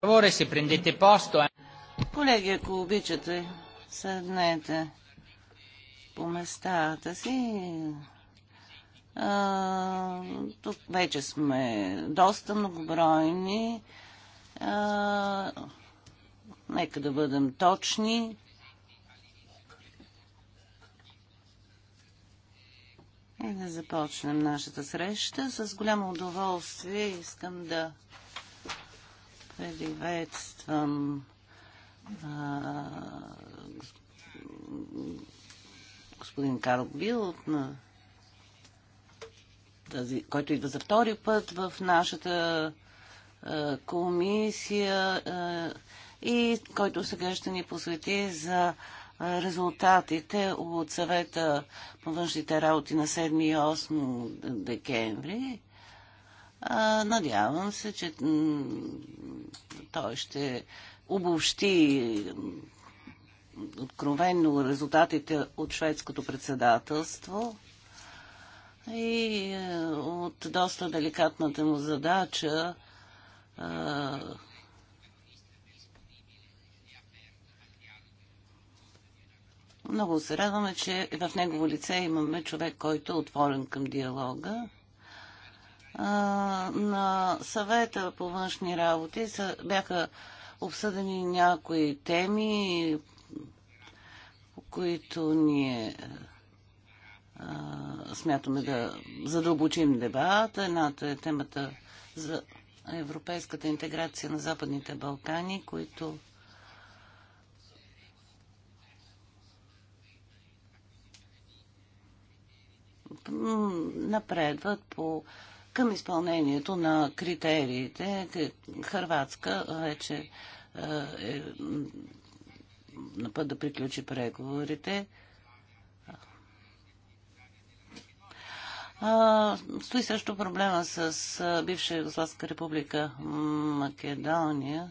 favore, se prendete posto. Eh. Колеги, ако обичате, съднете по местата си. тук вече сме доста многобройни. нека да бъдем точни. И да започнем нашата среща. С голямо удоволствие искам да Приветствам а, господин Карл Бил, на тази, който идва за втори път в нашата а, комисия а, и който сега ще ни посвети за резултатите от съвета по външните работи на 7 и 8 декември. А, надявам се, че той ще обобщи откровенно резултатите от шведското председателство и е, от доста деликатната му задача е, Много се радваме, че в негово лице имаме човек, който е отворен към диалога на съвета по външни работи бяха обсъдени някои теми, по които ние смятаме да задълбочим дебата. Едната е темата за европейската интеграция на Западните Балкани, които напредват по към изпълнението на критериите. Харватска вече е, е на път да приключи преговорите. стои също проблема с бивша Югославска република Македония.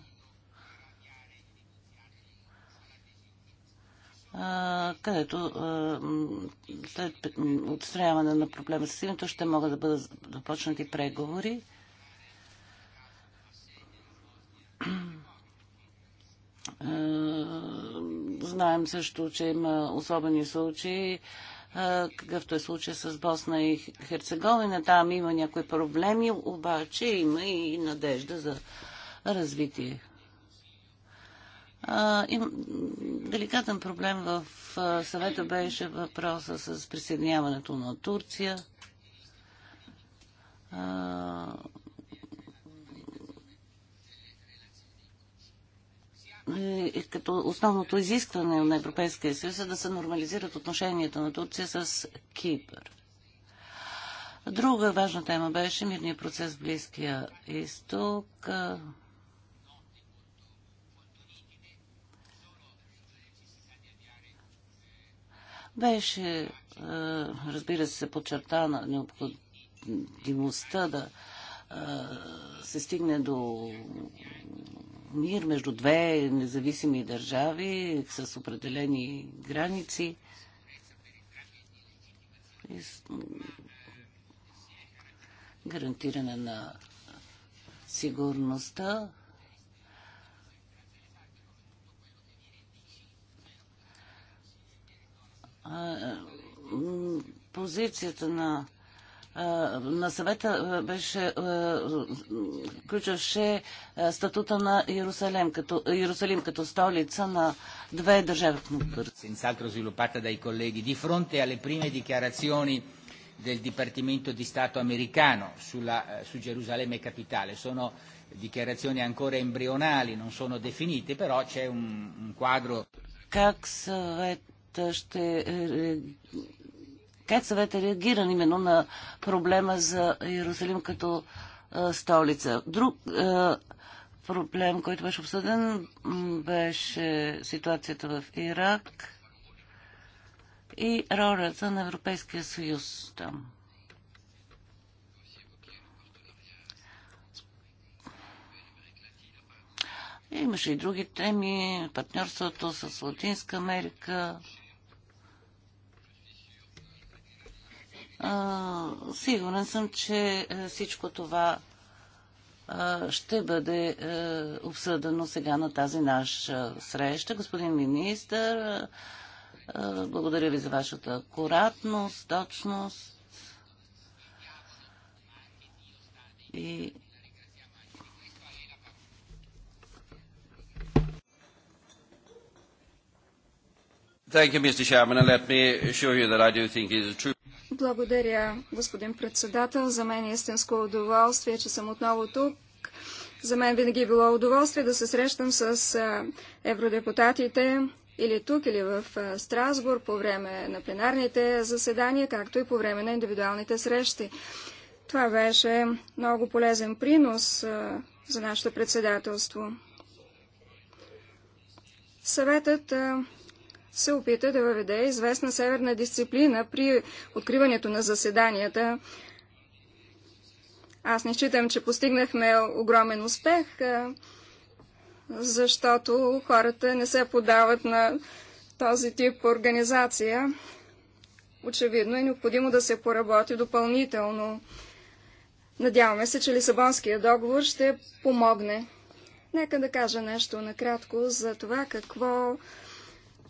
където след отстраняване на проблема с името ще могат да бъдат започнати преговори. Знаем също, че има особени случаи, какъвто е случай с Босна и Херцеговина. Там има някои проблеми, обаче има и надежда за развитие им, деликатен проблем в съвета беше въпроса с присъединяването на Турция. като основното изискване на Европейския съюз е да се нормализират отношенията на Турция с Кипър. Друга важна тема беше мирния процес в Близкия изток. Беше, разбира се, подчертана необходимостта да се стигне до мир между две независими държави с определени граници. И гарантиране на сигурността позицията на на съвета беше, включваше статута на Иерусалим като, Иерусалим като столица на две държави в Мукър. Senz'altro sviluppata dai colleghi di fronte alle prime dichiarazioni del Dipartimento di Stato americano sulla, su Gerusalemme capitale. Sono dichiarazioni ancora embrionali, non sono definite, però c'è un, un quadro. Как съвет ще е, е, как съвет е реагиран именно на проблема за Иерусалим като столица. Друг проблем, който беше обсъден, беше ситуацията в Ирак и ролята на Европейския съюз там. Е, имаше и други теми, партньорството с Латинска Америка. сигурен съм, че е, всичко това ще бъде е, обсъдено сега на тази наша среща. Господин министър, благодаря ви за вашата акуратност, точност и Благодаря, господин председател. За мен е истинско удоволствие, че съм отново тук. За мен винаги е било удоволствие да се срещам с евродепутатите или тук, или в Страсбург по време на пленарните заседания, както и по време на индивидуалните срещи. Това беше много полезен принос за нашето председателство. Съветът се опита да въведе известна северна дисциплина при откриването на заседанията. Аз не считам, че постигнахме огромен успех, защото хората не се подават на този тип организация. Очевидно е необходимо да се поработи допълнително. Надяваме се, че Лисабонския договор ще помогне. Нека да кажа нещо накратко за това какво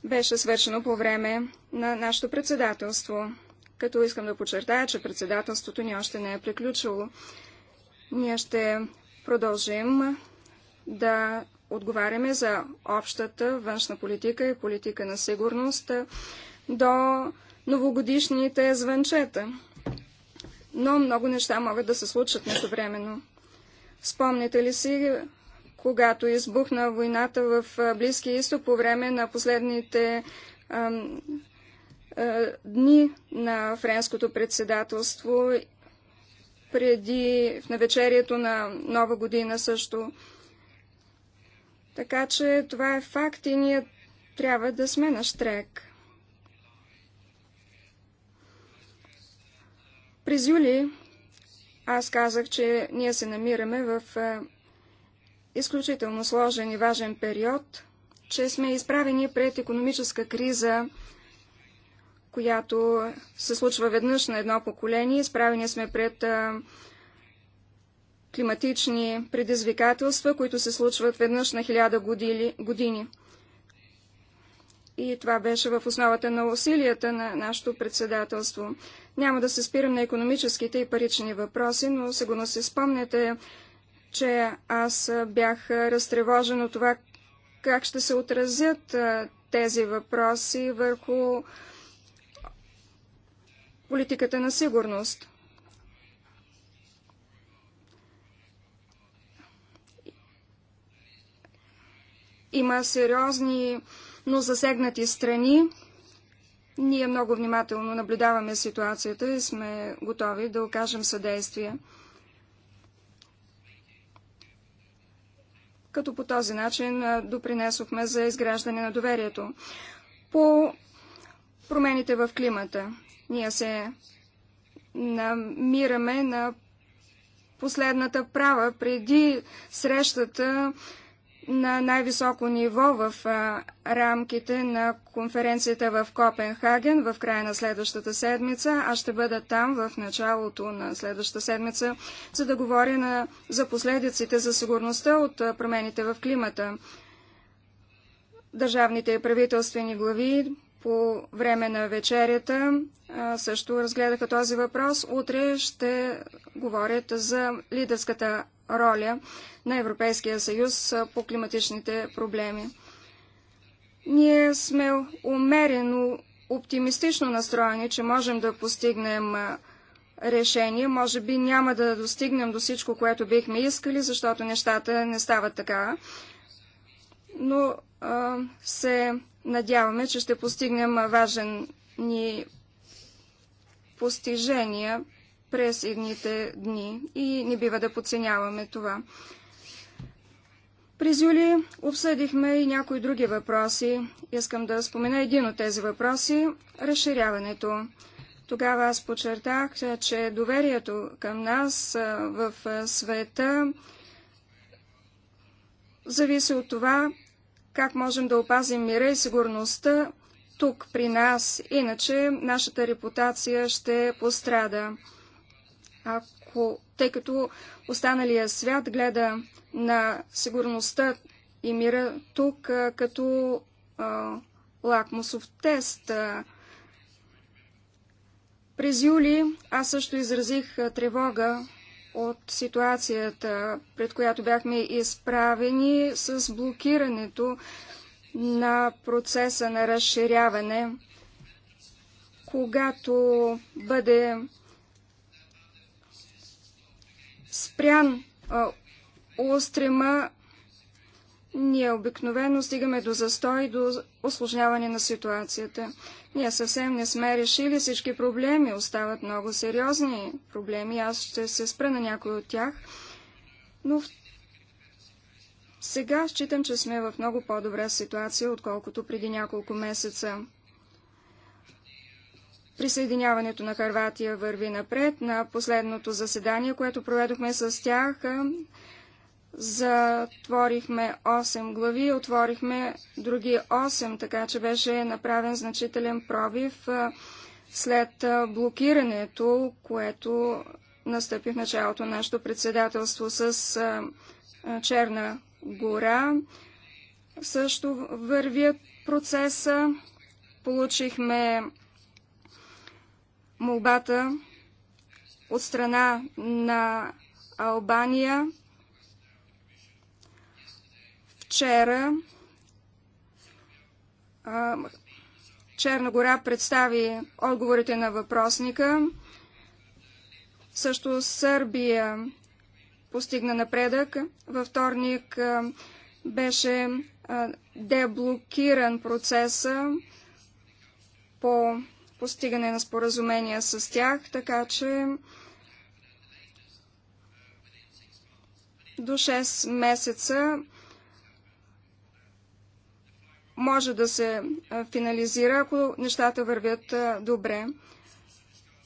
беше свършено по време на нашето председателство. Като искам да подчертая, че председателството ни още не е приключило. Ние ще продължим да отговаряме за общата външна политика и политика на сигурност до новогодишните звънчета. Но много неща могат да се случат междувременно. Спомните ли си когато избухна войната в Близкия изток по време на последните ам, а, дни на френското председателство, преди в навечерието на Нова година също. Така че това е факт и ние трябва да сме на штрек. През юли аз казах, че ние се намираме в изключително сложен и важен период, че сме изправени пред економическа криза, която се случва веднъж на едно поколение. Изправени сме пред климатични предизвикателства, които се случват веднъж на хиляда години. И това беше в основата на усилията на нашето председателство. Няма да се спирам на економическите и парични въпроси, но сигурно се спомняте, че аз бях разтревожен от това как ще се отразят тези въпроси върху политиката на сигурност. Има сериозни, но засегнати страни. Ние много внимателно наблюдаваме ситуацията и сме готови да окажем съдействие. като по този начин допринесохме за изграждане на доверието. По промените в климата ние се намираме на последната права преди срещата на най-високо ниво в рамките на конференцията в Копенхаген в края на следващата седмица. Аз ще бъда там в началото на следващата седмица, за да говоря на, за последиците за сигурността от промените в климата. Държавните и правителствени глави по време на вечерята също разгледаха този въпрос. Утре ще говорят за лидерската роля на Европейския съюз по климатичните проблеми. Ние сме умерено оптимистично настроени, че можем да постигнем решение. Може би няма да достигнем до всичко, което бихме искали, защото нещата не стават така. Но а, се надяваме, че ще постигнем важен ни постижения през едните дни и не бива да подценяваме това. През юли обсъдихме и някои други въпроси. Искам да спомена един от тези въпроси – разширяването. Тогава аз подчертах, че доверието към нас в света зависи от това, как можем да опазим мира и сигурността тук при нас, иначе нашата репутация ще пострада ако, тъй като останалия свят гледа на сигурността и мира тук а, като а, лакмусов тест. А. През юли аз също изразих а, тревога от ситуацията, пред която бяхме изправени с блокирането на процеса на разширяване, когато бъде спрян а, устрема, ние обикновено стигаме до застой, до осложняване на ситуацията. Ние съвсем не сме решили всички проблеми, остават много сериозни проблеми, аз ще се спра на някой от тях, но сега считам, че сме в много по-добра ситуация, отколкото преди няколко месеца. Присъединяването на Харватия върви напред. На последното заседание, което проведохме с тях, е, затворихме 8 глави, отворихме други 8, така че беше направен значителен пробив е, след е, блокирането, което настъпи в началото на нашето председателство с Черна гора. Също вървят процеса. Получихме молбата от страна на Албания вчера Черна гора представи отговорите на въпросника. Също Сърбия постигна напредък. Във вторник беше деблокиран процеса по постигане на споразумения с тях, така че до 6 месеца може да се финализира, ако нещата вървят добре.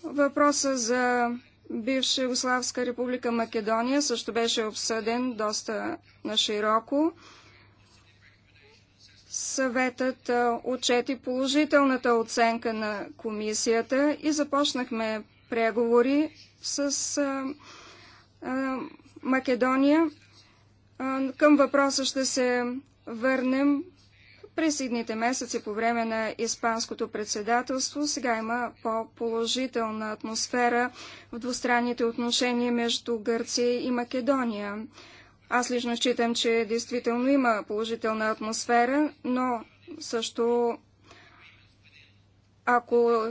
Въпроса за бивша Югославска република Македония също беше обсъден доста нашироко. широко. Съветът отчети положителната оценка на комисията и започнахме преговори с Македония. Към въпроса ще се върнем през едните месеци по време на Испанското председателство. Сега има по-положителна атмосфера в двустранните отношения между Гърция и Македония. Аз лично считам, че действително има положителна атмосфера, но също ако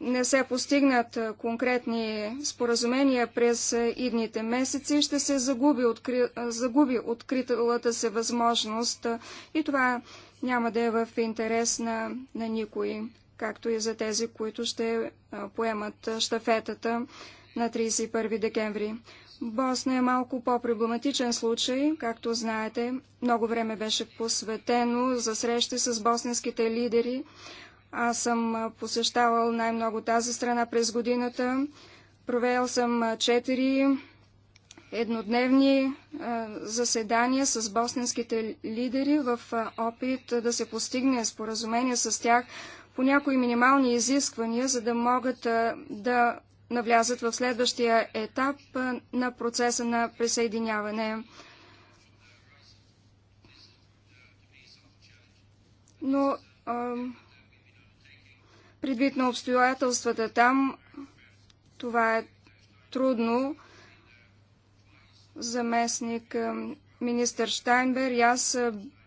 не се постигнат конкретни споразумения през идните месеци, ще се загуби, откри... загуби откритата се възможност и това няма да е в интерес на, на никой, както и за тези, които ще поемат штафетата на 31 декември. Босна е малко по-проблематичен случай, както знаете. Много време беше посветено за срещи с босненските лидери. Аз съм посещавал най-много тази страна през годината. Провел съм четири еднодневни заседания с босненските лидери в опит да се постигне споразумение с тях по някои минимални изисквания, за да могат да навлязат в следващия етап на процеса на присъединяване. Но а, предвид на обстоятелствата там, това е трудно. Заместник министър Штайнбер и аз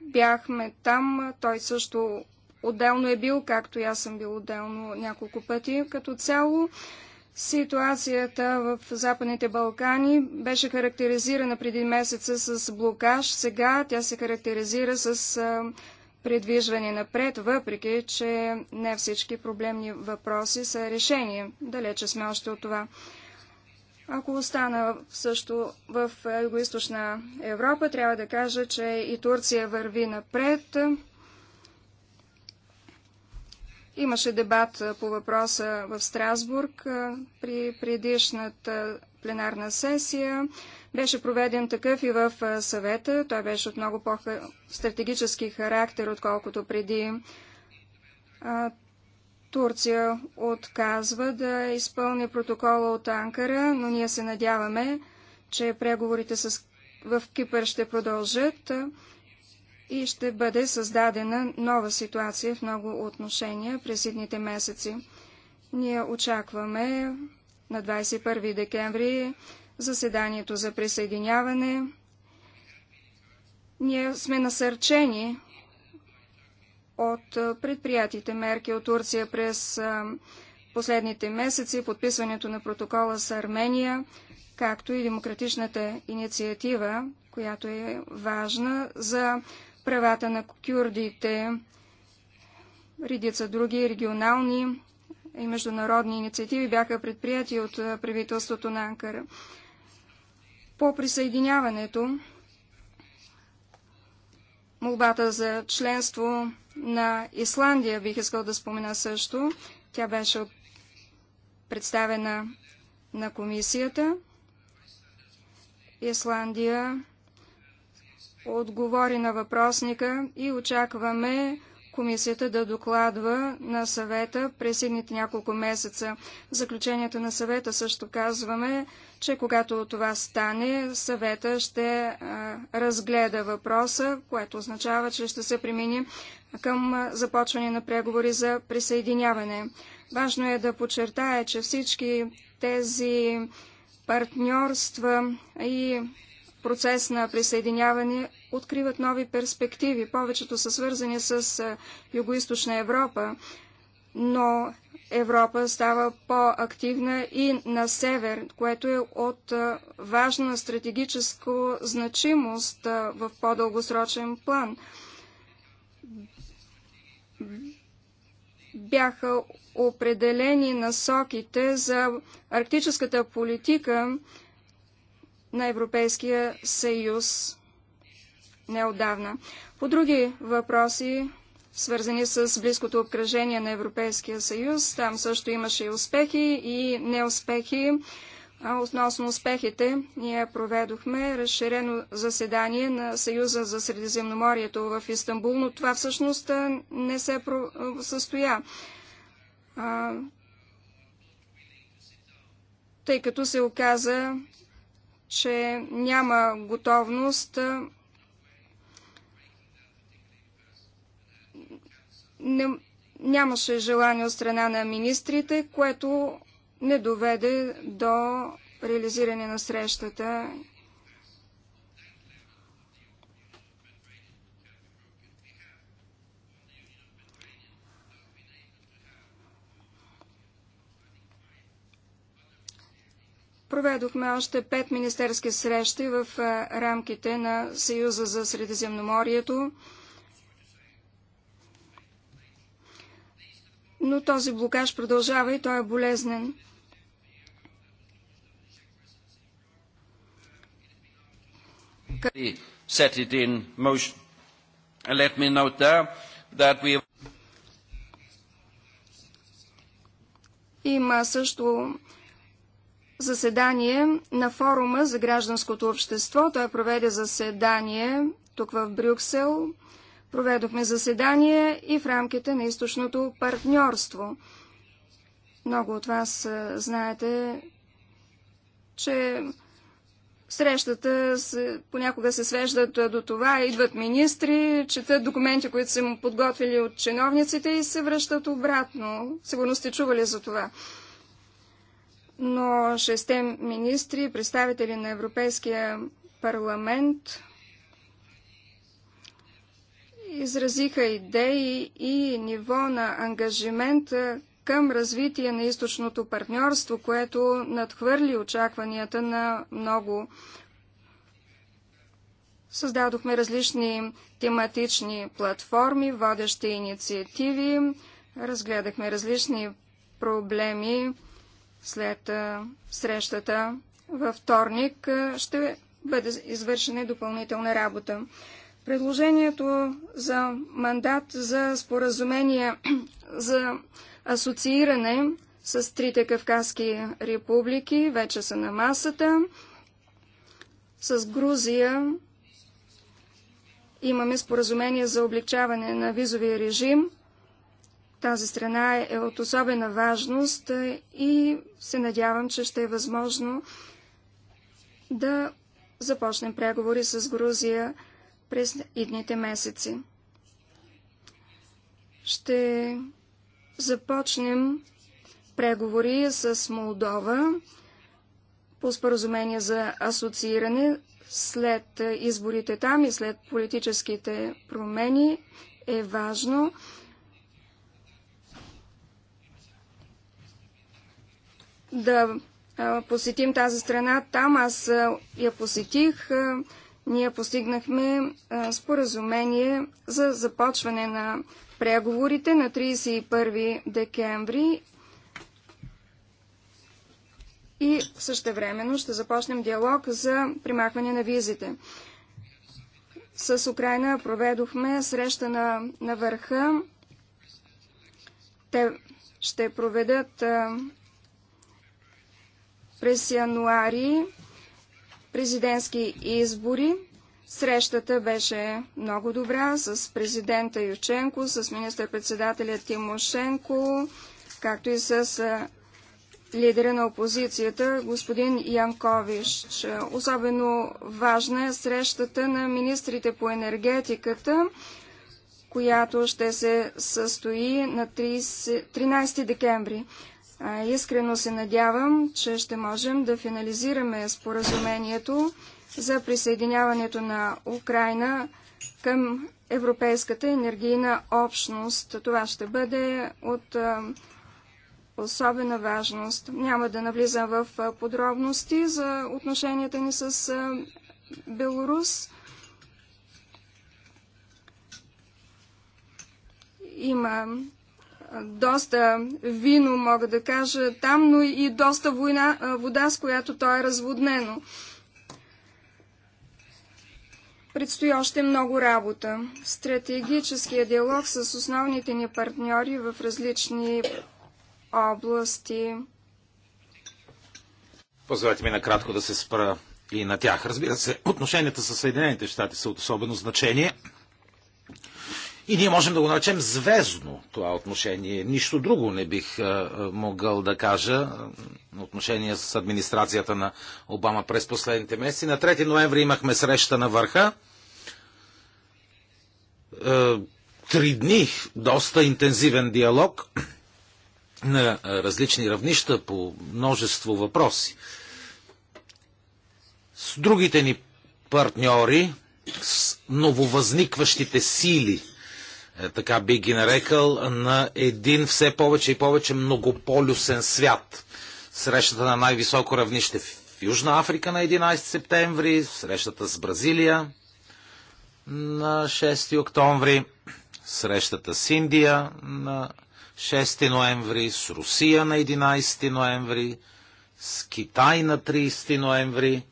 бяхме там. Той също отделно е бил, както и аз съм бил отделно няколко пъти. Като цяло Ситуацията в Западните Балкани беше характеризирана преди месеца с блокаж. Сега тя се характеризира с предвижване напред, въпреки че не всички проблемни въпроси са решени. Далече сме още от това. Ако остана също в Юго-Источна Европа, трябва да кажа, че и Турция върви напред. Имаше дебат по въпроса в Страсбург при предишната пленарна сесия. Беше проведен такъв и в съвета. Той беше от много по-стратегически характер, отколкото преди. Турция отказва да изпълни протокола от Анкара, но ние се надяваме, че преговорите с... в Кипър ще продължат и ще бъде създадена нова ситуация в много отношения през едните месеци. Ние очакваме на 21 декември заседанието за присъединяване. Ние сме насърчени от предприятите мерки от Турция през последните месеци, подписването на протокола с Армения, както и демократичната инициатива, която е важна за правата на кюрдите, редица други регионални и международни инициативи бяха предприяти от правителството на Анкара. По присъединяването, молбата за членство на Исландия бих искал да спомена също. Тя беше представена на комисията. Исландия отговори на въпросника и очакваме комисията да докладва на съвета през едните няколко месеца. В заключението на съвета също казваме, че когато това стане, съвета ще а, разгледа въпроса, което означава, че ще се премини към започване на преговори за присъединяване. Важно е да подчертая, че всички тези партньорства и процес на присъединяване откриват нови перспективи. Повечето са свързани с Юго-Источна Европа, но Европа става по-активна и на север, което е от важна стратегическа значимост в по-дългосрочен план. Бяха определени насоките за арктическата политика, на Европейския съюз неодавна. По други въпроси, свързани с близкото обкръжение на Европейския съюз, там също имаше и успехи и неуспехи. Относно успехите, ние проведохме разширено заседание на Съюза за Средиземноморието в Истанбул, но това всъщност не се състоя, тъй като се оказа, че няма готовност не, нямаше желание от страна на министрите, което не доведе до реализиране на срещата Проведохме още пет министерски срещи в рамките на Съюза за Средиземноморието. Но този блокаж продължава и той е болезнен. Има също заседание на форума за гражданското общество. Той проведе заседание тук в Брюксел. Проведохме заседание и в рамките на източното партньорство. Много от вас е, знаете, че срещата се, понякога се свеждат е, до това. Идват министри, четат документи, които са му подготвили от чиновниците и се връщат обратно. Сигурно сте чували за това но шесте министри, представители на Европейския парламент изразиха идеи и ниво на ангажимент към развитие на източното партньорство, което надхвърли очакванията на много. Създадохме различни тематични платформи, водещи инициативи, разгледахме различни проблеми, след срещата във вторник ще бъде извършена допълнителна работа. Предложението за мандат за споразумение за асоцииране с трите кавказски републики вече са на масата. С Грузия имаме споразумение за облегчаване на визовия режим тази страна е от особена важност и се надявам, че ще е възможно да започнем преговори с Грузия през идните месеци. Ще започнем преговори с Молдова по споразумение за асоцииране след изборите там и след политическите промени е важно да посетим тази страна. Там аз я посетих. Ние постигнахме споразумение за започване на преговорите на 31 декември и същевременно ще започнем диалог за примахване на визите. С Украина проведохме среща на, на върха. Те ще проведат през януари президентски избори. Срещата беше много добра с президента Юченко, с министър-председателя Тимошенко, както и с лидера на опозицията, господин Янкович. Особено важна е срещата на министрите по енергетиката, която ще се състои на 30, 13 декември. Искрено се надявам, че ще можем да финализираме споразумението за присъединяването на Украина към Европейската енергийна общност. Това ще бъде от особена важност. Няма да навлизам в подробности за отношенията ни с Белорус. Беларус. Има доста вино, мога да кажа, там, но и доста война, вода, с която то е разводнено. Предстои още много работа. Стратегическия диалог с основните ни партньори в различни области. Позволете ми накратко да се спра и на тях. Разбира се, отношенията с Съединените щати са от особено значение – и ние можем да го наречем звездно това отношение. Нищо друго не бих е, е, могъл да кажа е, отношение с администрацията на Обама през последните месеци. На 3 ноември имахме среща на върха. Три дни доста интензивен диалог на различни равнища по множество въпроси. С другите ни партньори, с нововъзникващите сили – е, така би ги нарекал, на един все повече и повече многополюсен свят. Срещата на най-високо равнище в Южна Африка на 11 септември, срещата с Бразилия на 6 октомври, срещата с Индия на 6 ноември, с Русия на 11 ноември, с Китай на 30 ноември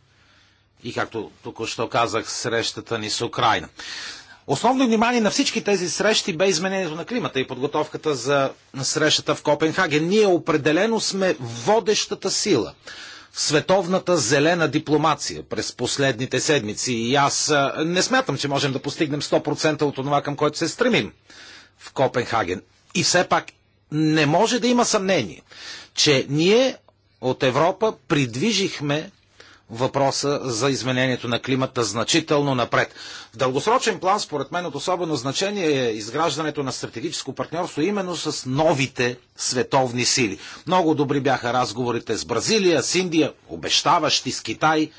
и, както тук що казах, срещата ни с Украина. Основно внимание на всички тези срещи бе изменението на климата и подготовката за срещата в Копенхаген. Ние определено сме водещата сила в световната зелена дипломация през последните седмици и аз не смятам, че можем да постигнем 100% от това, към което се стремим в Копенхаген. И все пак не може да има съмнение, че ние от Европа придвижихме въпроса за изменението на климата значително напред. В дългосрочен план, според мен, от особено значение е изграждането на стратегическо партньорство именно с новите световни сили. Много добри бяха разговорите с Бразилия, с Индия, обещаващи с Китай.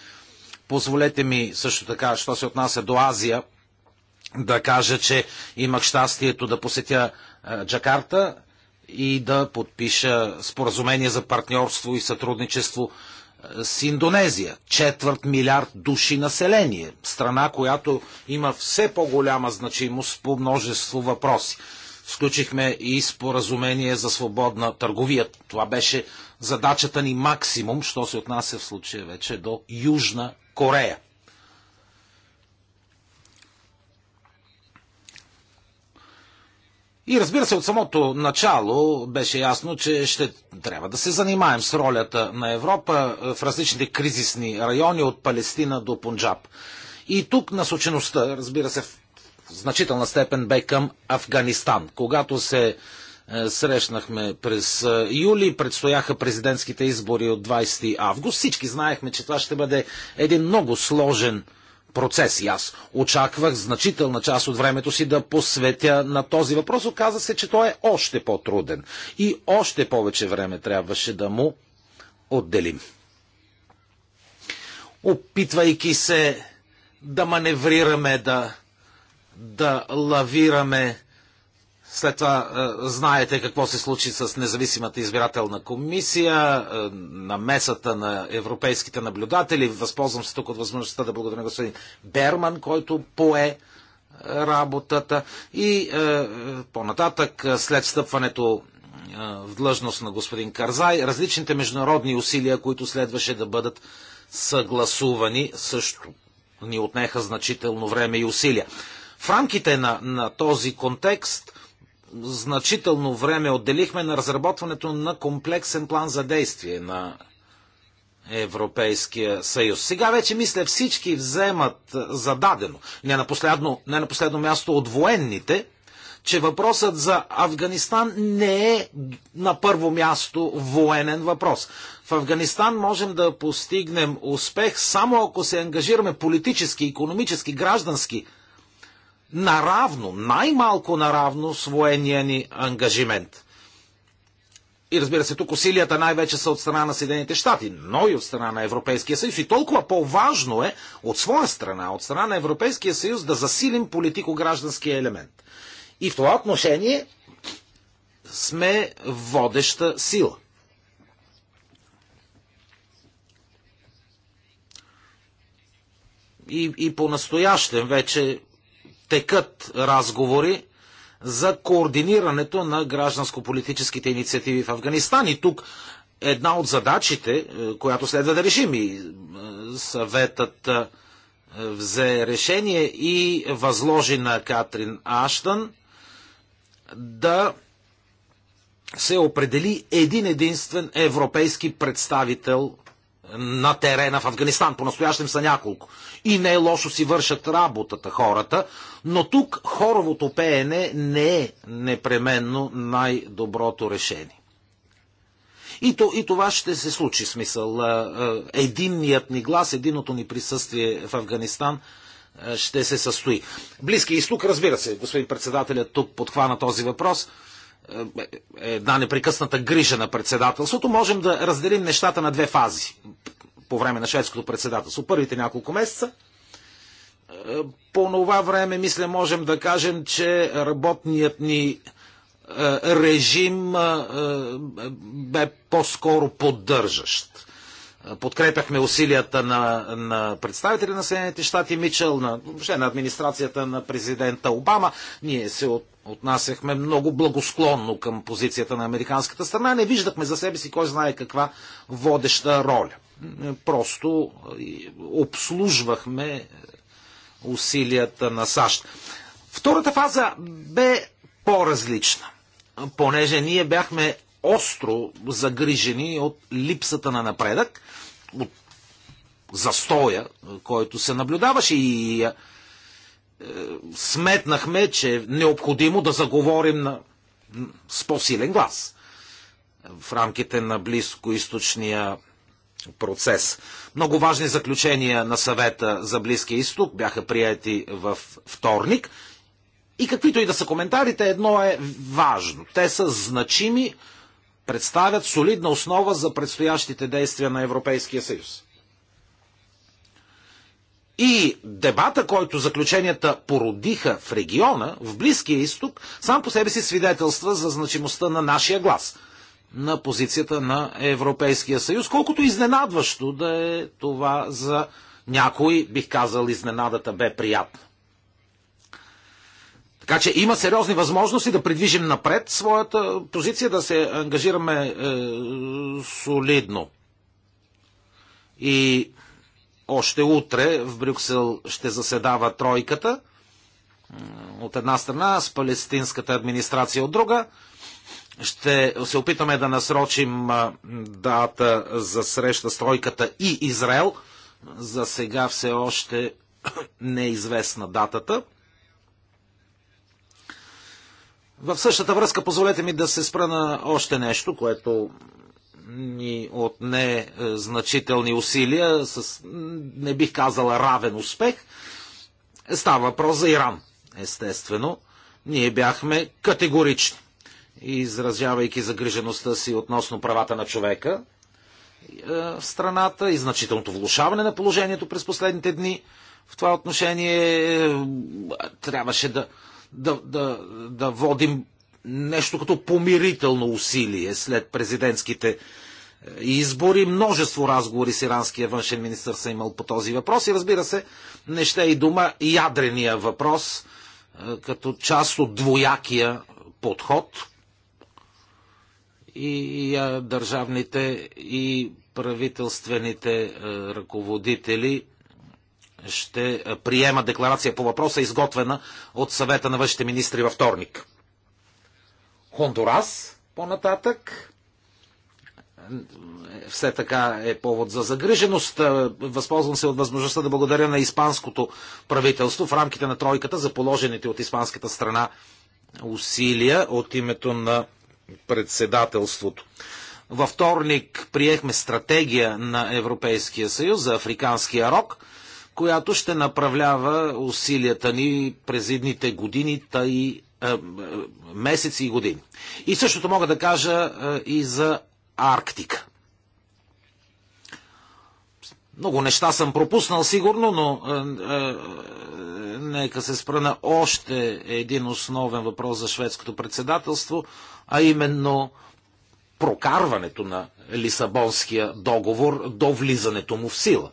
Позволете ми също така, що се отнася до Азия, да кажа, че имах щастието да посетя Джакарта и да подпиша споразумение за партньорство и сътрудничество с Индонезия. Четвърт милиард души население. Страна, която има все по-голяма значимост по множество въпроси. Сключихме и споразумение за свободна търговия. Това беше задачата ни максимум, що се отнася в случая вече до Южна Корея. И разбира се, от самото начало беше ясно, че ще трябва да се занимаем с ролята на Европа в различните кризисни райони от Палестина до Пунджаб. И тук насочеността, разбира се, в значителна степен бе към Афганистан. Когато се е, срещнахме през е, юли, предстояха президентските избори от 20 август. Всички знаехме, че това ще бъде един много сложен процес. И аз очаквах значителна част от времето си да посветя на този въпрос. Оказа се, че той е още по-труден. И още повече време трябваше да му отделим. Опитвайки се да маневрираме, да, да лавираме след това е, знаете какво се случи с независимата избирателна комисия, е, на месата на европейските наблюдатели. Възползвам се тук от възможността да благодаря господин Берман, който пое е, работата. И по-нататък, след стъпването в длъжност на господин Карзай, различните международни усилия, които следваше да бъдат съгласувани, също ни отнеха значително време и усилия. В рамките на, на този контекст значително време отделихме на разработването на комплексен план за действие на Европейския съюз. Сега вече, мисля, всички вземат зададено, не на последно, не на последно място от военните, че въпросът за Афганистан не е на първо място военен въпрос. В Афганистан можем да постигнем успех само ако се ангажираме политически, економически, граждански – наравно, най-малко наравно своения ни ангажимент. И разбира се, тук усилията най-вече са от страна на Съединените щати, но и от страна на Европейския съюз. И толкова по-важно е от своя страна, от страна на Европейския съюз, да засилим политико-гражданския елемент. И в това отношение сме водеща сила. И, и по-настоящем вече текат разговори за координирането на гражданско-политическите инициативи в Афганистан. И тук една от задачите, е, която следва да решим и е, съветът е, взе решение и възложи на Катрин Аштън да се определи един единствен европейски представител на терена в Афганистан. По-настоящем са няколко. И не е лошо си вършат работата хората, но тук хоровото пеене не е непременно най-доброто решение. И, то, и това ще се случи, смисъл. Единният ни глас, единото ни присъствие в Афганистан ще се състои. Близки изток, разбира се, господин председателят тук подхвана този въпрос – е, една непрекъсната грижа на председателството, можем да разделим нещата на две фази по време на шведското председателство. Първите няколко месеца. Е, по това време, мисля, можем да кажем, че работният ни е, режим бе по-скоро поддържащ подкрепяхме усилията на, на представители на Съединените щати Мичел, на, на администрацията на президента Обама. Ние се от, отнасяхме много благосклонно към позицията на американската страна. Не виждахме за себе си кой знае каква водеща роля. Просто е, обслужвахме усилията на САЩ. Втората фаза бе по-различна, понеже ние бяхме остро загрижени от липсата на напредък, от застоя, който се наблюдаваше и е, сметнахме, че е необходимо да заговорим на, с по-силен глас в рамките на близкоисточния процес. Много важни заключения на съвета за Близкия изток бяха прияти в вторник. И каквито и да са коментарите, едно е важно. Те са значими представят солидна основа за предстоящите действия на Европейския съюз. И дебата, който заключенията породиха в региона, в Близкия изток, сам по себе си свидетелства за значимостта на нашия глас, на позицията на Европейския съюз, колкото изненадващо да е това за някой, бих казал, изненадата бе приятна. Така че има сериозни възможности да придвижим напред своята позиция, да се ангажираме е, солидно. И още утре в Брюксел ще заседава тройката от една страна, с палестинската администрация от друга. Ще се опитаме да насрочим дата за среща с тройката и Израел. За сега все още неизвестна датата. В същата връзка позволете ми да се спра на още нещо, което ни отне е, значителни усилия с, не бих казала, равен успех. Става въпрос за Иран, естествено. Ние бяхме категорични, изразявайки загрижеността си относно правата на човека е, в страната и значителното влушаване на положението през последните дни. В това отношение е, трябваше да, да, да, да водим нещо като помирително усилие след президентските е, избори. Множество разговори с иранския външен министр са имал по този въпрос и разбира се, не ще е и дума ядрения въпрос е, като част от двоякия подход и държавните и правителствените ръководители – ще приема декларация по въпроса, изготвена от съвета на външните министри във вторник. Хондурас, по-нататък, е, все така е повод за загриженост. Възползвам се от възможността да благодаря на испанското правителство в рамките на тройката за положените от испанската страна усилия от името на председателството. Във вторник приехме стратегия на Европейския съюз за африканския рок – която ще направлява усилията ни през едните години, тъй е, е, месеци и години. И същото мога да кажа е, и за Арктика. Много неща съм пропуснал, сигурно, но е, е, нека се спра на още един основен въпрос за шведското председателство, а именно прокарването на Лисабонския договор до влизането му в сила.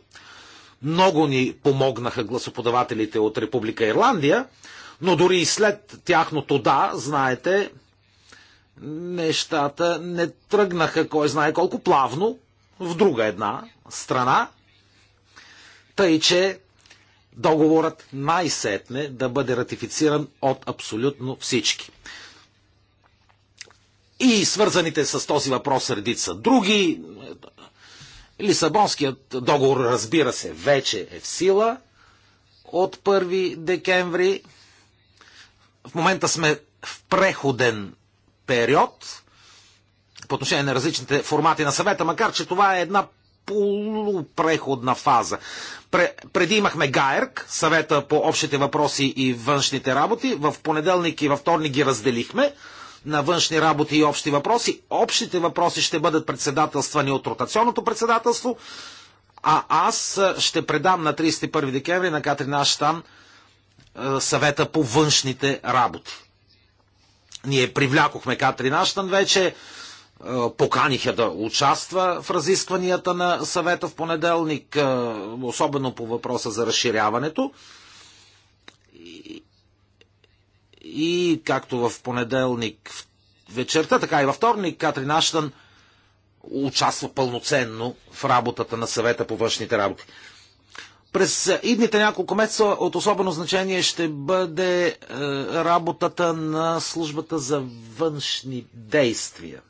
Много ни помогнаха гласоподавателите от Република Ирландия, но дори и след тяхното да, знаете, нещата не тръгнаха кой знае колко плавно в друга една страна, тъй че договорът най-сетне да бъде ратифициран от абсолютно всички. И свързаните с този въпрос редица други Лисабонският договор, разбира се, вече е в сила от 1 декември. В момента сме в преходен период по отношение на различните формати на съвета, макар че това е една полупреходна фаза. преди имахме ГАЕРК, съвета по общите въпроси и външните работи. В понеделник и във вторник ги разделихме на външни работи и общи въпроси. Общите въпроси ще бъдат председателствани от ротационното председателство, а аз ще предам на 31 декември на Катрин Аштан съвета по външните работи. Ние привлякохме Катрин Аштан вече, поканиха да участва в разискванията на съвета в понеделник, особено по въпроса за разширяването. И както в понеделник вечерта, така и във вторник, Катрин Аштън участва пълноценно в работата на съвета по външните работи. През е, идните няколко месеца от особено значение ще бъде е, работата на службата за външни действия.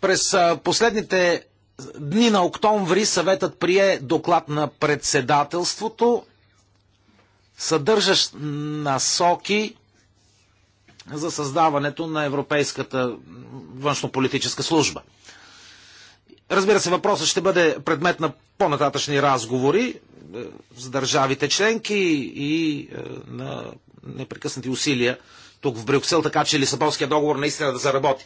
През е, последните дни на октомври съветът прие доклад на председателството, съдържащ насоки за създаването на Европейската външнополитическа служба. Разбира се, въпросът ще бъде предмет на по-нататъчни разговори е, с държавите членки и е, на непрекъснати усилия тук в Брюксел, така че Лисабонския договор наистина да заработи.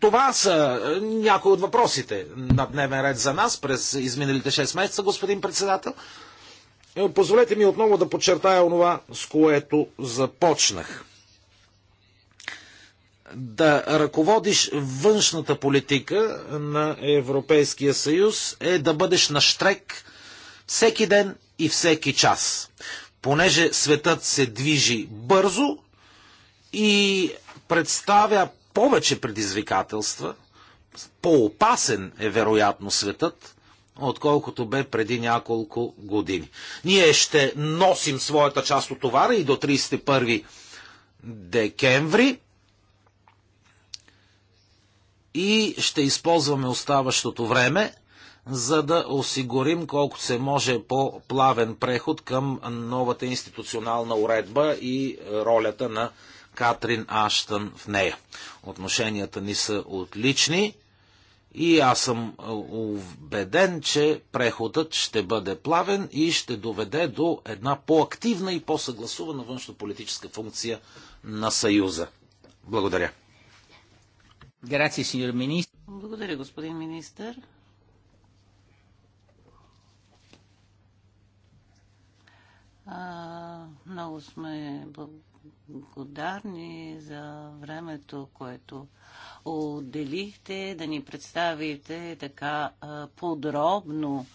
Това са е, някои от въпросите на дневен ред за нас през изминалите 6 месеца, господин председател. Е, позволете ми отново да подчертая онова, с което започнах. Да ръководиш външната политика на Европейския съюз е да бъдеш на штрек всеки ден и всеки час. Понеже светът се движи бързо и представя повече предизвикателства, по-опасен е вероятно светът, отколкото бе преди няколко години. Ние ще носим своята част от товара и до 31 декември и ще използваме оставащото време, за да осигурим колкото се може по-плавен преход към новата институционална уредба и ролята на Катрин Аштън в нея. Отношенията ни са отлични и аз съм е, убеден, че преходът ще бъде плавен и ще доведе до една по-активна и по-съгласувана външно-политическа функция на Съюза. Благодаря. Грация, сеньор министр. Благодаря, господин министр. А, много сме благодарни за времето, което отделихте да ни представите така подробно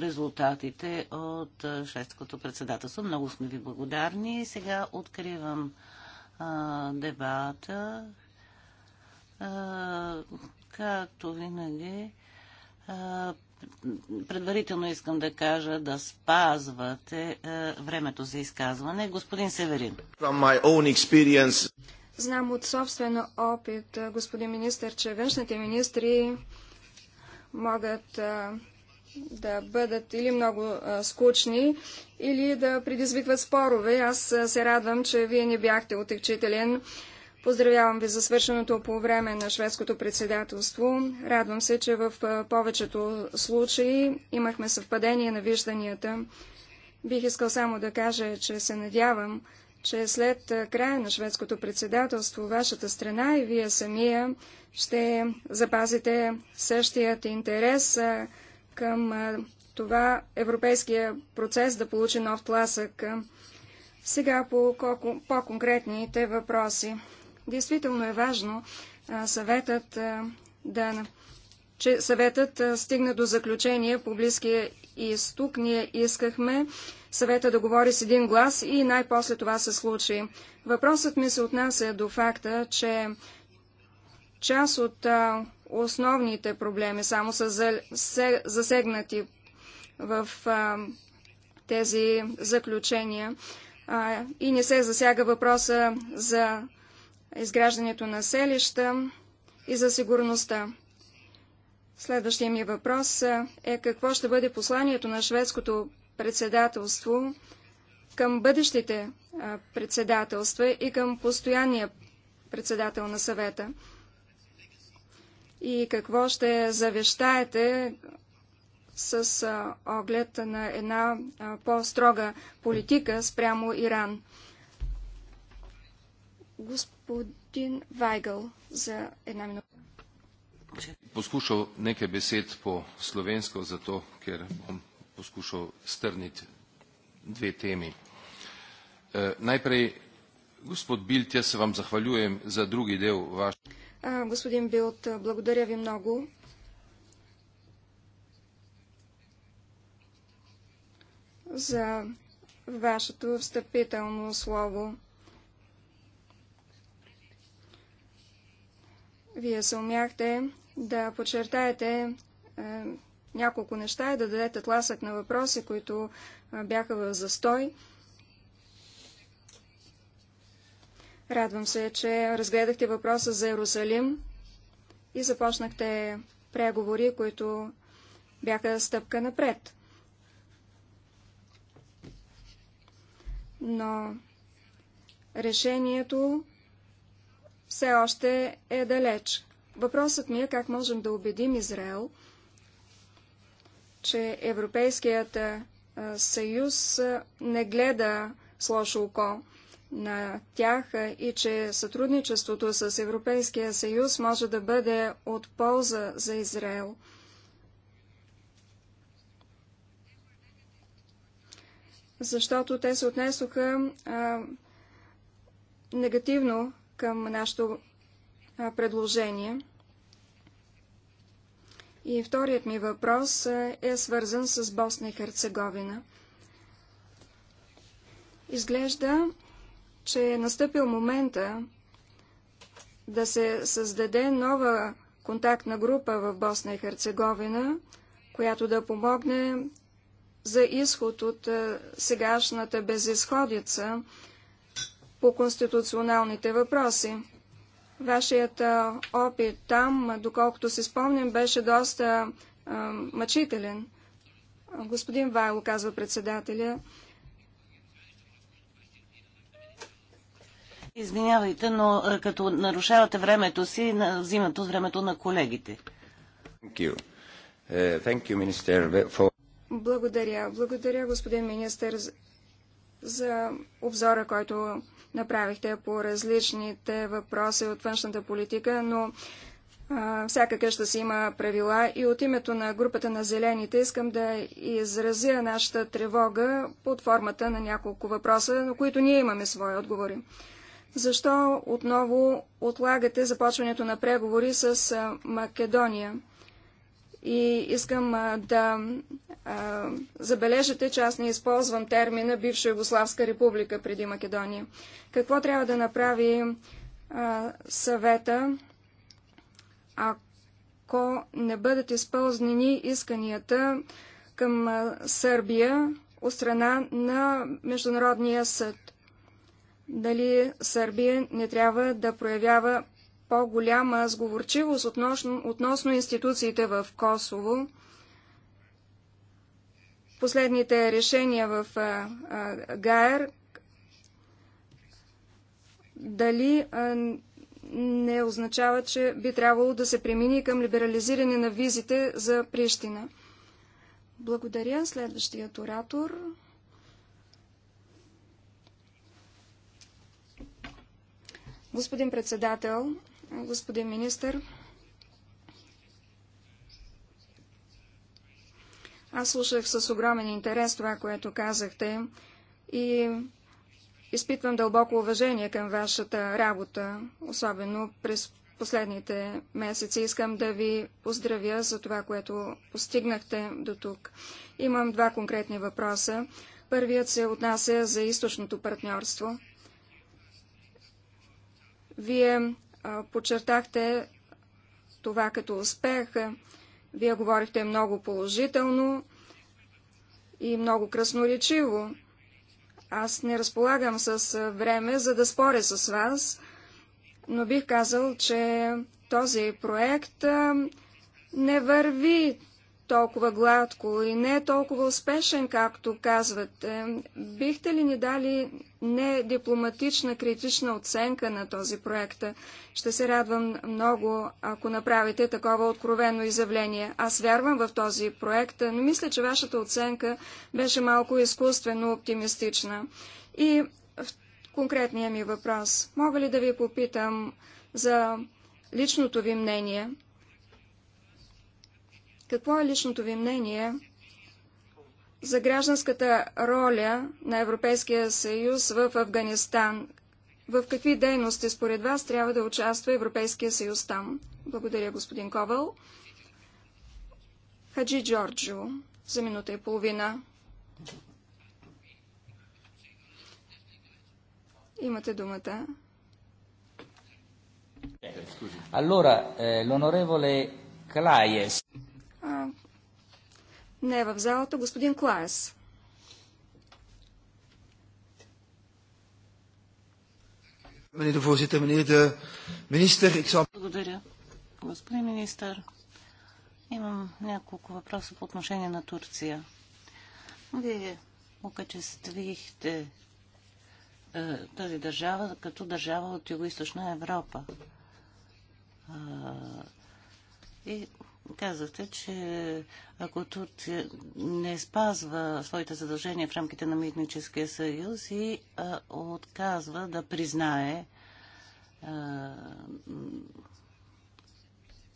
резултатите от шесткото председателство. Много сме ви благодарни. Сега откривам дебата. както винаги, предварително искам да кажа да спазвате е, времето за изказване. Господин Северин. Знам от собствен опит, е, господин министр, че външните министри могат е, да бъдат или много е, скучни, или да предизвикват спорове. Аз се радвам, че вие не бяхте отекчителен. Поздравявам ви за свършеното по време на шведското председателство. Радвам се, че в повечето случаи имахме съвпадение на вижданията. Бих искал само да кажа, че се надявам, че след края на шведското председателство вашата страна и вие самия ще запазите същият интерес към това европейския процес да получи нов тласък. Сега по по-конкретните въпроси. Действително е важно съветът да че съветът стигна до заключение по Близкия изток. Ние искахме съвета да говори с един глас и най-после това се случи. Въпросът ми се отнася до факта, че част от основните проблеми само са засегнати в тези заключения и не се засяга въпроса за изграждането на селища и за сигурността. Следващия ми въпрос е какво ще бъде посланието на шведското председателство към бъдещите председателства и към постоянния председател на съвета? И какво ще завещаете с оглед на една по-строга политика спрямо Иран? Господин Вайгъл за една минута. Poskušal nekaj besed po slovensko, zato ker bom poskušal strniti dve temi. E, najprej, gospod Bilt, jaz se vam zahvaljujem za drugi del vaš. А, господин Билт, благодаря ви много. за вашето встъпително слово. Вие се умяхте да подчертаете е, няколко неща и да дадете тласък на въпроси, които е, бяха в застой. Радвам се, че разгледахте въпроса за Иерусалим и започнахте преговори, които бяха стъпка напред. Но решението все още е далеч. Въпросът ми е как можем да убедим Израел, че Европейският съюз не гледа с лошо око на тях и че сътрудничеството с Европейския съюз може да бъде от полза за Израел. Защото те се отнесоха а, негативно към нашето предложение. И вторият ми въпрос е свързан с Босна и Херцеговина. Изглежда, че е настъпил момента да се създаде нова контактна група в Босна и Херцеговина, която да помогне за изход от сегашната безисходица по конституционалните въпроси. Вашият опит там, доколкото си спомням, беше доста а, мъчителен. Господин Вайло, казва председателя. Извинявайте, но като нарушавате времето си, взимате от времето на колегите. Thank you. Е, thank you, minister, for... Благодаря. Благодаря, господин министър, за обзора, който направихте по различните въпроси от външната политика, но всяка къща си има правила и от името на групата на зелените искам да изразя нашата тревога под формата на няколко въпроса, на които ние имаме свои отговори. Защо отново отлагате започването на преговори с Македония? И искам а, да а, забележите, че аз не използвам термина бивша Югославска република преди Македония. Какво трябва да направи а, съвета, ако не бъдат изпълнени исканията към а, Сърбия от страна на Международния съд? Дали Сърбия не трябва да проявява по-голяма сговорчивост относно, относно институциите в Косово. Последните решения в а, а, ГАЕР дали а, не означава, че би трябвало да се премини към либерализиране на визите за Прищина. Благодаря. Следващият оратор. Господин председател, господин министър. Аз слушах с огромен интерес това, което казахте и изпитвам дълбоко уважение към вашата работа, особено през последните месеци. Искам да ви поздравя за това, което постигнахте до тук. Имам два конкретни въпроса. Първият се отнася за източното партньорство. Вие подчертахте това като успех. Вие говорихте много положително и много красноречиво. Аз не разполагам с време, за да споря с вас, но бих казал, че този проект не върви толкова гладко и не е толкова успешен, както казвате. Бихте ли ни дали не дипломатична критична оценка на този проект? Ще се радвам много, ако направите такова откровено изявление. Аз вярвам в този проект, но мисля, че вашата оценка беше малко изкуствено оптимистична. И в конкретния ми въпрос. Мога ли да ви попитам за личното ви мнение? Какво е личното ви мнение за гражданската роля на Европейския съюз в Афганистан? В какви дейности според вас трябва да участва Европейския съюз там? Благодаря, господин Ковал. Хаджи Джорджо, за минута и половина. Имате думата. Allora, eh, l'onorevole Claes а, не е в залата. Господин Клаес. Meneer de voorzitter, meneer ik zal... Благодаря. Господин министър, имам няколко въпроса по отношение на Турция. Вие окачествихте е, тази държава като държава от Юго-Источна Европа. Е, и Казахте, че ако Турция не спазва своите задължения в рамките на Митническия съюз и а, отказва да признае а,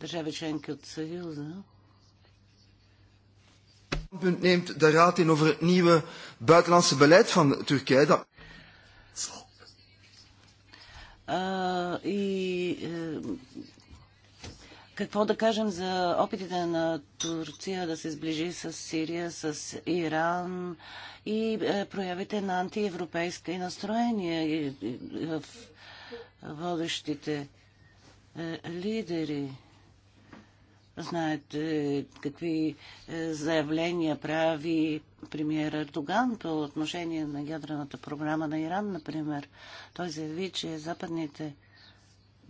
държави членки от съюза. neemt de raad in over het nieuwe buitenlandse beleid van Turkije. Dat... Uh, и uh, какво да кажем за опитите на Турция да се сближи с Сирия, с Иран и е, проявите на антиевропейска и настроение в водещите е, лидери. Знаете какви е, заявления прави премиер Ердоган по отношение на ядрената програма на Иран, например. Той заяви, че западните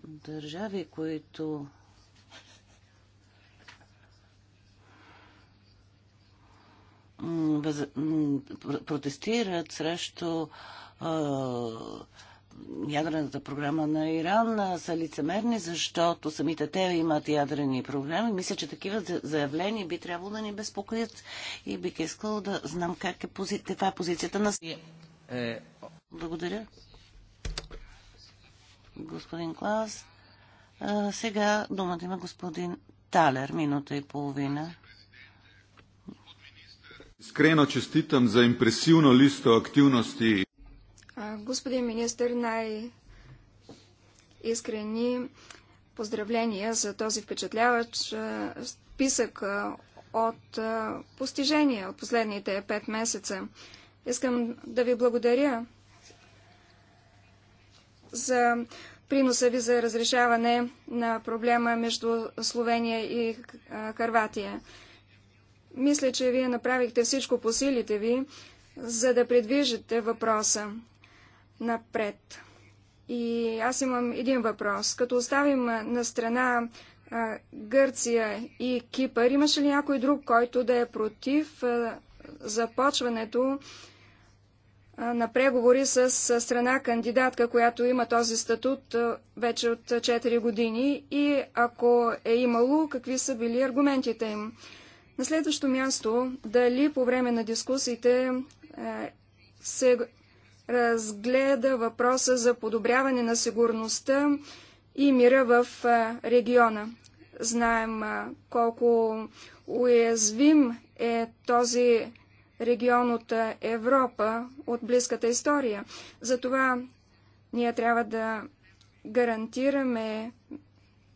държави, които протестират срещу ядрената програма на Иран са лицемерни, защото самите те имат ядрени програми. Мисля, че такива заявления би трябвало да ни безпокоят и бих искал да знам как е пози... каква е позицията на... Е, е, Благодаря. Господин Клас. А, сега думата има господин Талер, минута и половина. Искрено честитам за импресивно листо активности. Господин министр, най-искрени поздравления за този впечатляващ списък от постижения от последните пет месеца. Искам да ви благодаря за приноса ви за разрешаване на проблема между Словения и Харватия. Мисля, че вие направихте всичко по силите ви, за да предвижите въпроса напред. И аз имам един въпрос. Като оставим на страна а, Гърция и Кипър, имаше ли някой друг, който да е против а, започването а, на преговори с страна кандидатка, която има този статут вече от 4 години и ако е имало, какви са били аргументите им? На следващо място, дали по време на дискусиите е, се разгледа въпроса за подобряване на сигурността и мира в е, региона. Знаем е, колко уязвим е този регион от Европа, от близката история. Затова ние трябва да гарантираме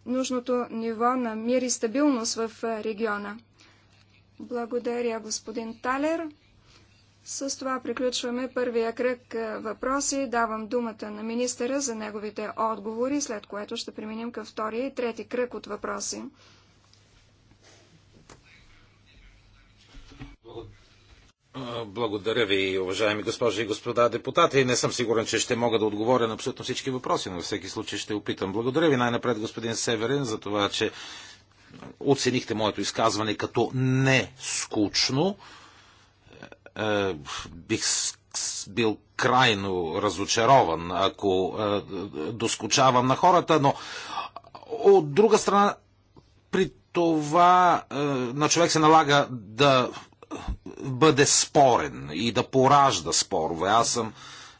нужното ниво на мир и стабилност в региона. Благодаря, господин Талер. С това приключваме първия кръг е, въпроси. Давам думата на министъра за неговите отговори, след което ще преминем към втория и трети кръг от въпроси. Благодаря ви, уважаеми госпожи и господа депутати. Не съм сигурен, че ще мога да отговоря на абсолютно всички въпроси, но във всеки случай ще опитам. Благодаря ви най-напред, господин Северин, за това, че оценихте моето изказване като не скучно. Е, бих бил крайно разочарован, ако е, доскочавам на хората, но от друга страна, при това е, на човек се налага да бъде спорен и да поражда спорове. Аз съм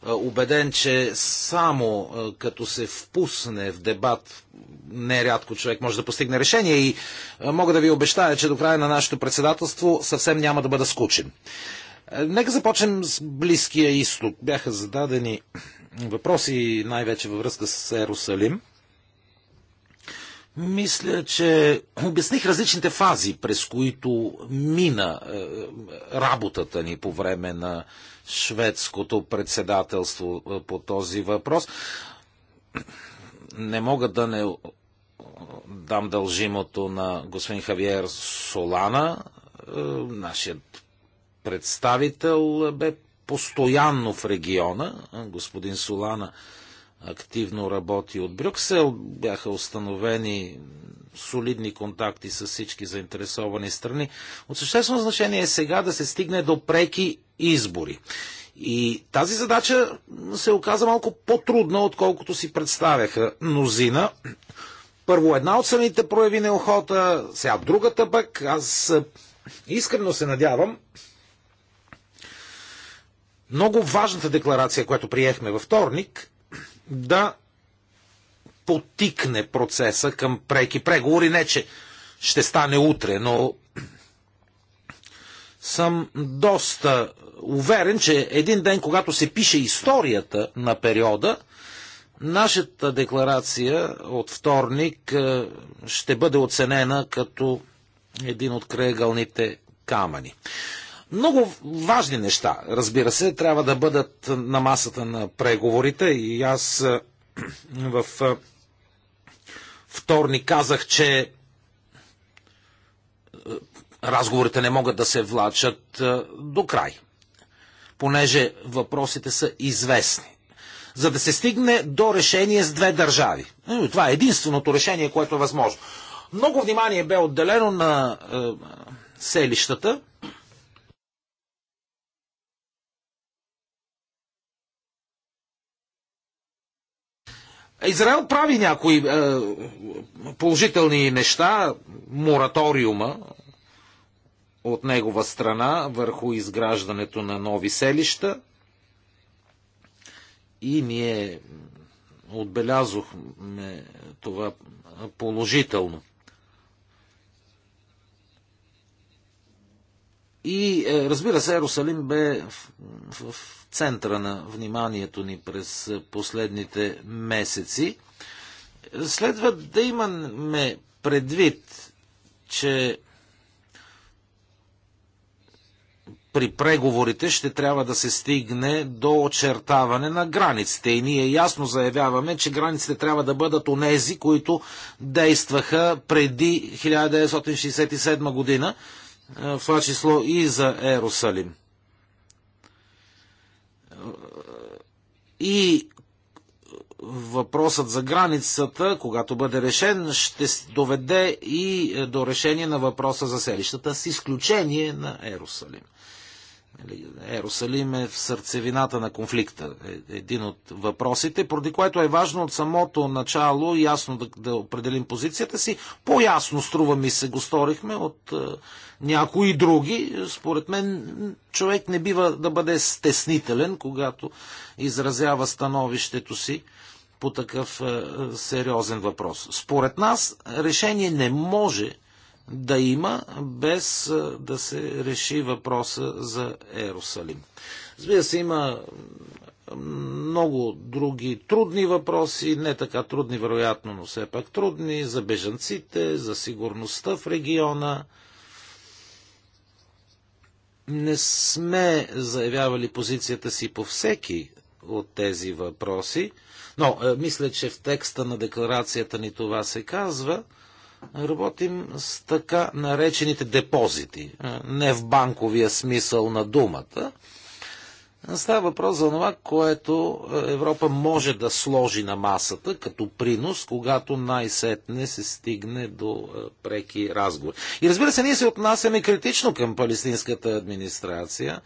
е, убеден, че само е, като се впусне в дебат, нерядко човек може да постигне решение и е, мога да ви обещая, че до края на нашето председателство съвсем няма да бъда скучен. Нека започнем с Близкия изток. Бяха зададени въпроси най-вече във връзка с Ерусалим. Мисля, че обясних различните фази, през които мина е, е, работата ни по време на шведското председателство е, по този въпрос. Не мога да не дам дължимото на господин Хавиер Солана. Нашият представител бе постоянно в региона. Господин Солана активно работи от Брюксел. Бяха установени солидни контакти с всички заинтересовани страни. От съществено значение е сега да се стигне до преки избори. И тази задача се оказа малко по-трудна, отколкото си представяха мнозина. Първо една от самите прояви неохота, сега другата пък. Аз искрено се надявам, много важната декларация, която приехме във вторник, да потикне процеса към преки преговори. Не, че ще стане утре, но съм доста уверен, че един ден, когато се пише историята на периода, нашата декларация от вторник е, ще бъде оценена като един от крайъгълните камъни. Много важни неща, разбира се, трябва да бъдат на масата на преговорите и аз е, в е, вторник казах, че е, разговорите не могат да се влачат до край, понеже въпросите са известни. За да се стигне до решение с две държави. Това е единственото решение, което е възможно. Много внимание бе отделено на селищата, Израел прави някои е, положителни неща, мораториума от негова страна върху изграждането на нови селища. И ние отбелязохме това положително. И е, разбира се, Ерусалим бе в, в центъра на вниманието ни през последните месеци. Следва да имаме предвид, че при преговорите ще трябва да се стигне до очертаване на границите. И ние ясно заявяваме, че границите трябва да бъдат онези, които действаха преди 1967 година, в това число и за Ерусалим. И въпросът за границата, когато бъде решен, ще доведе и е, до решение на въпроса за селищата, с изключение на Ерусалим. Нали, Ерусалим е в сърцевината на конфликта. Е, един от въпросите, поради което е важно от самото начало ясно да, да определим позицията си. По-ясно, струва ми се, го сторихме от е, някои други. Според мен, човек не бива да бъде стеснителен, когато изразява становището си по такъв е, сериозен въпрос. Според нас, решение не може да има, без да се реши въпроса за Ерусалим. Разбира се, има много други трудни въпроси, не така трудни, вероятно, но все пак трудни, за бежанците, за сигурността в региона. Не сме заявявали позицията си по всеки от тези въпроси, но е, мисля, че в текста на декларацията ни това се казва – работим с така наречените депозити. Не в банковия смисъл на думата. Става въпрос за това, което Европа може да сложи на масата като принос, когато най-сетне се стигне до преки разговори. И разбира се, ние се отнасяме критично към палестинската администрация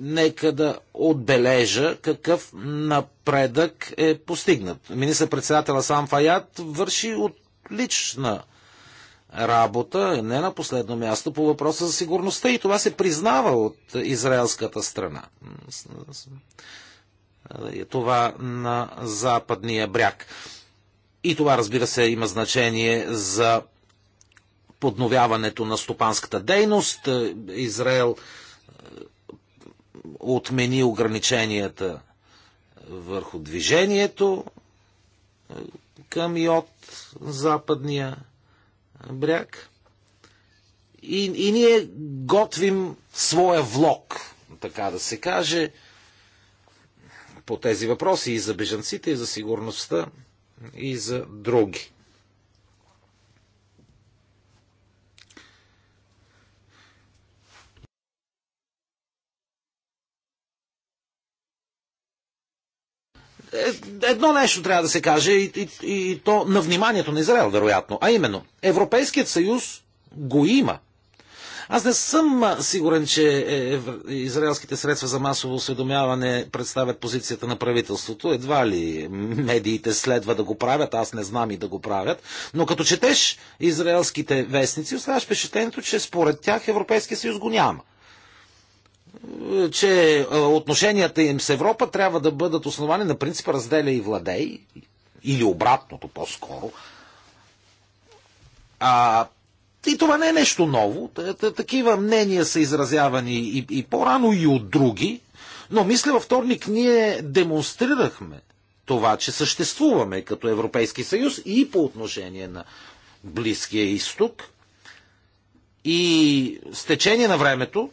нека да отбележа какъв напредък е постигнат. Министър-председателя Сам Фаят върши отлична работа, не на последно място, по въпроса за сигурността и това се признава от израелската страна. Това на западния бряг. И това, разбира се, има значение за подновяването на стопанската дейност. Израел отмени ограниченията върху движението към и от западния бряг. И, и ние готвим своя влог, така да се каже, по тези въпроси и за бежанците, и за сигурността, и за други. Е, едно нещо трябва да се каже и, и, и то на вниманието на Израел, вероятно. А именно, Европейският съюз го има. Аз не съм сигурен, че е, израелските средства за масово осведомяване представят позицията на правителството. Едва ли медиите следва да го правят, аз не знам и да го правят. Но като четеш израелските вестници, оставаш впечатлението, че според тях Европейския съюз го няма че отношенията им с Европа трябва да бъдат основани на принципа разделя и владей, или обратното по-скоро. А, и това не е нещо ново. Такива мнения са изразявани и, и по-рано, и от други. Но мисля, във вторник ние демонстрирахме това, че съществуваме като Европейски съюз и по отношение на Близкия изток. И с течение на времето,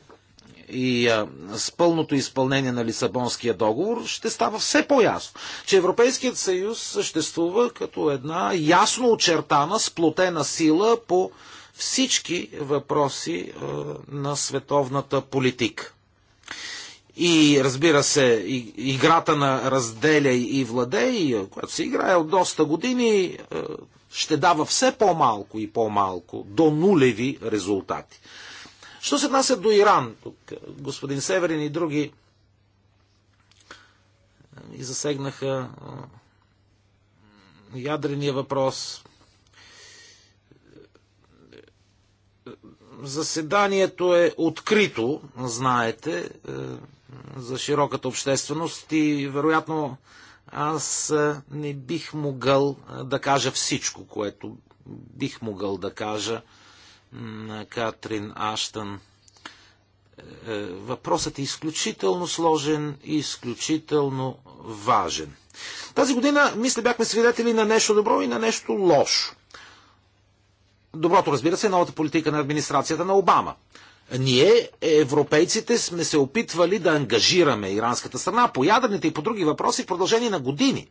и а, с пълното изпълнение на Лисабонския договор ще става все по-ясно, че Европейският съюз съществува като една ясно очертана, сплотена сила по всички въпроси а, на световната политика. И разбира се, играта на разделя и владей, която се играе от доста години, ще дава все по-малко и по-малко, до нулеви резултати. Що се отнася до Иран, тук е, господин Северин и други е, и засегнаха е, ядрения въпрос. Заседанието е открито, знаете, за широката общественост и вероятно аз не бих могъл да кажа всичко, което бих могъл да кажа Катрин Аштън. Е, е, въпросът е изключително сложен и изключително важен. Тази година, мисля, бяхме свидетели на нещо добро и на нещо лошо. Доброто, разбира се, е новата политика на администрацията на Обама. Ние, европейците, сме се опитвали да ангажираме иранската страна по ядрените и по други въпроси в продължение на години.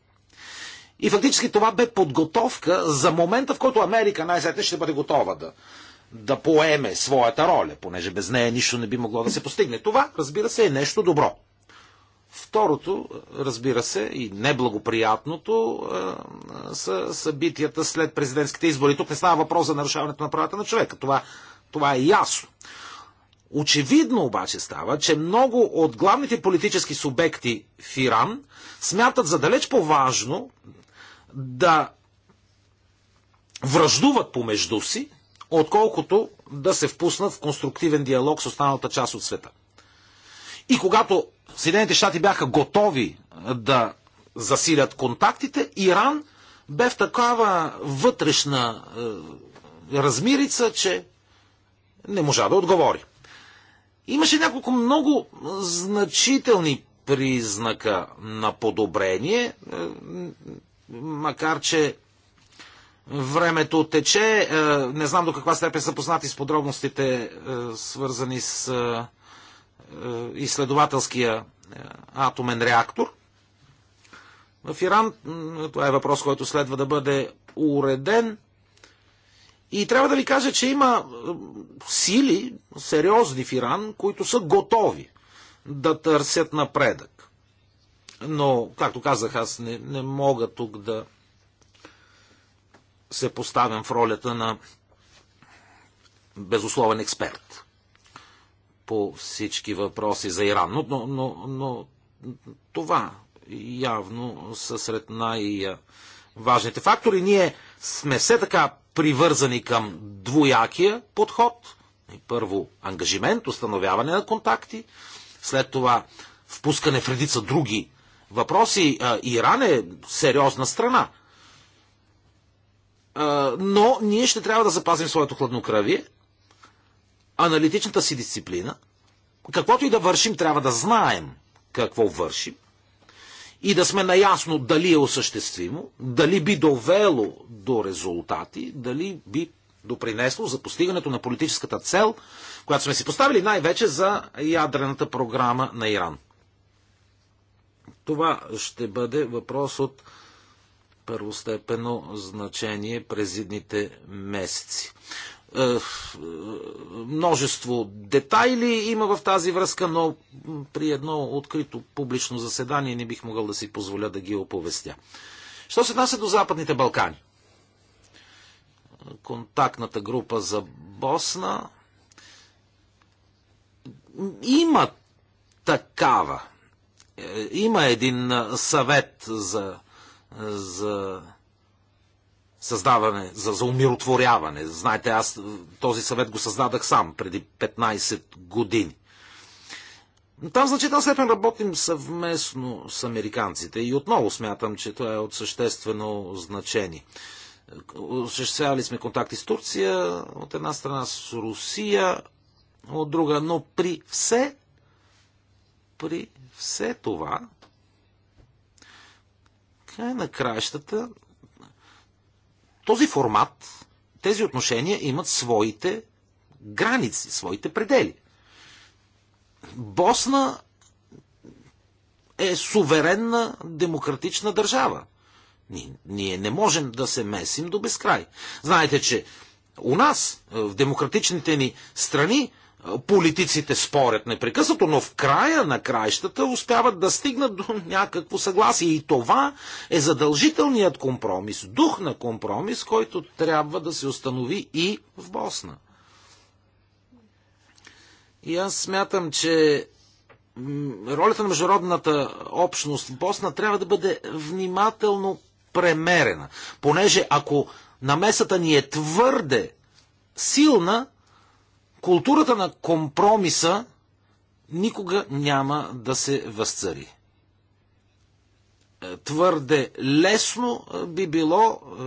И фактически това бе подготовка за момента, в който Америка най-сетне ще бъде готова да да поеме своята роля, понеже без нея нищо не би могло да се постигне. Това, разбира се, е нещо добро. Второто, разбира се, и неблагоприятното е, са събитията след президентските избори. Тук не става въпрос за нарушаването на правата на човека. Това, това е ясно. Очевидно обаче става, че много от главните политически субекти в Иран смятат за далеч по-важно да връждуват помежду си, отколкото да се впуснат в конструктивен диалог с останалата част от света. И когато Съединените щати бяха готови да засилят контактите, Иран бе в такава вътрешна е, размирица, че не можа да отговори. Имаше няколко много значителни признака на подобрение, е, макар че Времето тече. Е, не знам до каква степен са познати с подробностите, е, свързани с е, изследователския атомен реактор. В Иран това е въпрос, който следва да бъде уреден. И трябва да ви кажа, че има сили, сериозни в Иран, които са готови да търсят напредък. Но, както казах, аз не, не мога тук да се поставям в ролята на безусловен експерт по всички въпроси за Иран. Но, но, но, но това явно са сред най-важните фактори. Ние сме все така привързани към двоякия подход. Първо ангажимент, установяване на контакти, след това впускане в редица други въпроси. Иран е сериозна страна но ние ще трябва да запазим своето хладнокръвие, аналитичната си дисциплина. Каквото и да вършим, трябва да знаем какво вършим и да сме наясно дали е осъществимо, дали би довело до резултати, дали би допринесло за постигането на политическата цел, която сме си поставили най-вече за ядрената програма на Иран. Това ще бъде въпрос от първостепенно значение през едните месеци. Е, е, множество детайли има в тази връзка, но при едно открито публично заседание не бих могъл да си позволя да ги оповестя. Що се отнася до Западните Балкани? Контактната група за Босна има такава. Е, има един съвет за за създаване, за, за умиротворяване. Знаете, аз този съвет го създадах сам преди 15 години. Там в значителна степен работим съвместно с американците и отново смятам, че това е от съществено значение. Осъществявали сме контакти с Турция, от една страна с Русия, от друга, но при все, при все това, край е, на краищата този формат, тези отношения имат своите граници, своите предели. Босна е суверенна демократична държава. Ние не можем да се месим до безкрай. Знаете, че у нас, в демократичните ни страни, политиците спорят непрекъснато, но в края на краищата успяват да стигнат до някакво съгласие. И това е задължителният компромис, дух на компромис, който трябва да се установи и в Босна. И аз смятам, че ролята на международната общност в Босна трябва да бъде внимателно премерена, понеже ако намесата ни е твърде силна, Културата на компромиса никога няма да се възцари. Е, твърде лесно е, би било, е,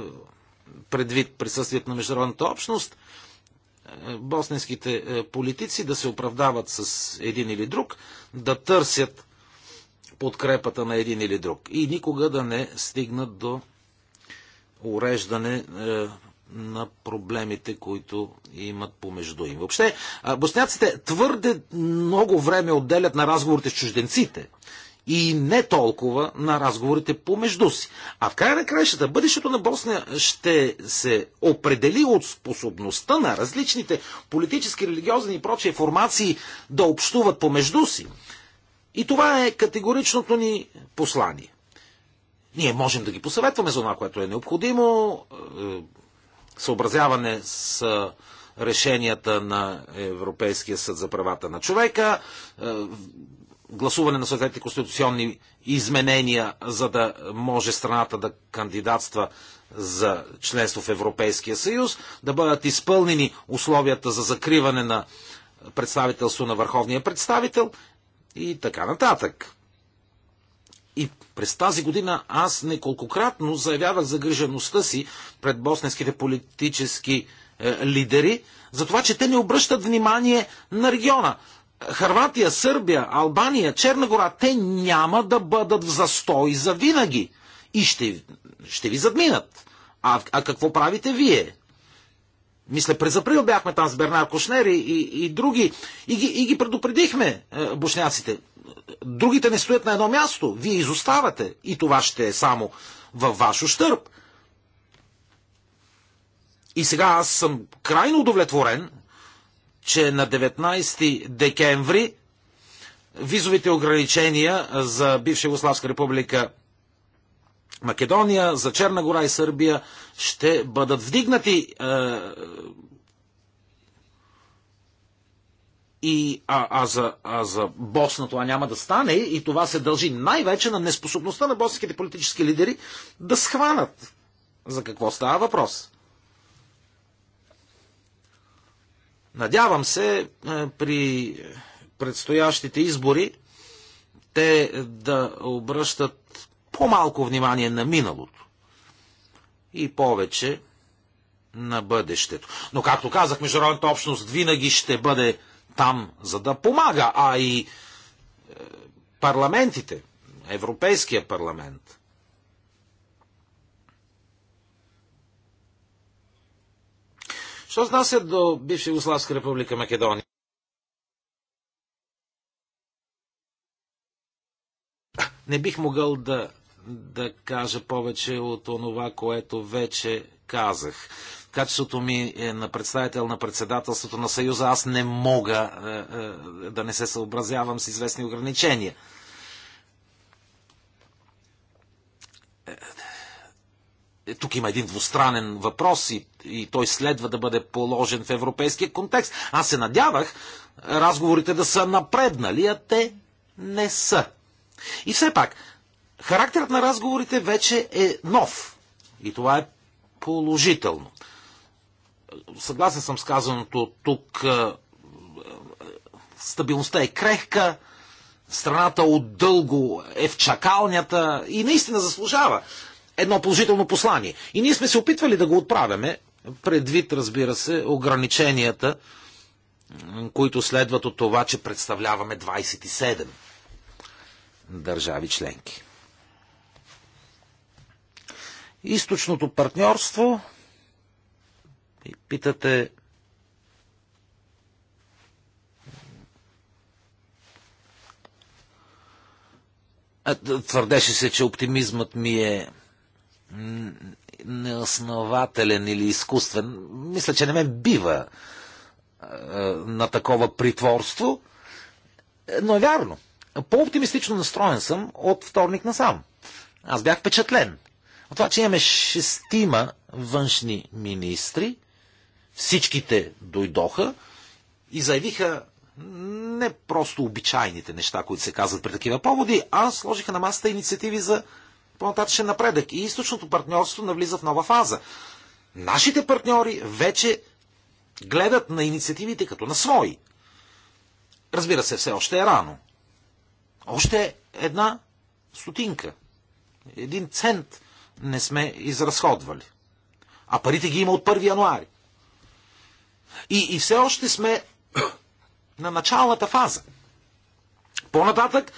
предвид присъствието на международната общност, босненските политици да се оправдават с един или друг, да търсят подкрепата на един или друг и никога да не стигнат до уреждане на проблемите, които имат помежду им. Въобще, босняците твърде много време отделят на разговорите с чужденците и не толкова на разговорите помежду си. А в края на краищата бъдещето на Босния ще се определи от способността на различните политически, религиозни и прочие формации да общуват помежду си. И това е категоричното ни послание. Ние можем да ги посъветваме за това, което е необходимо, е, съобразяване с решенията на Европейския съд за правата на човека, гласуване на съответните конституционни изменения, за да може страната да кандидатства за членство в Европейския съюз, да бъдат изпълнени условията за закриване на представителство на върховния представител и така нататък. И през тази година аз неколкократно заявявах загрижеността си пред босненските политически е, лидери за това, че те не обръщат внимание на региона. Харватия, Сърбия, Албания, Черна гора, те няма да бъдат в застой за винаги. И ще, ще ви задминат. А, а какво правите вие? мисля, през април бяхме там с Бернар Кошнер и, и, и други, и ги, и ги предупредихме е, бушняците. Другите не стоят на едно място, вие изоставате и това ще е само във ваш ущърп. И сега аз съм крайно удовлетворен, че на 19 декември визовите ограничения за бивша Югославска република Македония, за Черна гора и Сърбия ще бъдат вдигнати. Е, и, а, а, за, а за Босна това няма да стане и това се дължи най-вече на неспособността на босските политически лидери да схванат за какво става въпрос. Надявам се е, при предстоящите избори те да обръщат по-малко внимание на миналото и повече на бъдещето. Но, както казах, международната общност винаги ще бъде там, за да помага, а и е, парламентите, Европейския парламент. Що знася до бивша Югославска република Македония? Не бих могъл да да кажа повече от онова, което вече казах. качеството ми е на представител на председателството на Съюза аз не мога е, е, да не се съобразявам с известни ограничения. Е, е, тук има един двустранен въпрос и, и той следва да бъде положен в европейския контекст. Аз се надявах разговорите да са напреднали, а те не са. И все пак, Характерът на разговорите вече е нов. И това е положително. Съгласен съм с казаното тук. Е, е, стабилността е крехка, страната от дълго е в чакалнята и наистина заслужава едно положително послание. И ние сме се опитвали да го отправяме, предвид, разбира се, ограниченията, които следват от това, че представляваме 27 държави членки. Източното партньорство. И питате Твърдеше се, че оптимизмът ми е неоснователен или изкуствен. Мисля, че не ме бива на такова притворство. Но е вярно. По-оптимистично настроен съм от вторник насам. Аз бях впечатлен. А това, че имаме шестима външни министри, всичките дойдоха и заявиха не просто обичайните неща, които се казват при такива поводи, а сложиха на масата инициативи за по-нататъчен напредък. И източното партньорство навлиза в нова фаза. Нашите партньори вече гледат на инициативите като на свои. Разбира се, все още е рано. Още една стотинка, един цент не сме изразходвали. А парите ги има от 1 януари. И, и все още сме на началната фаза. По-нататък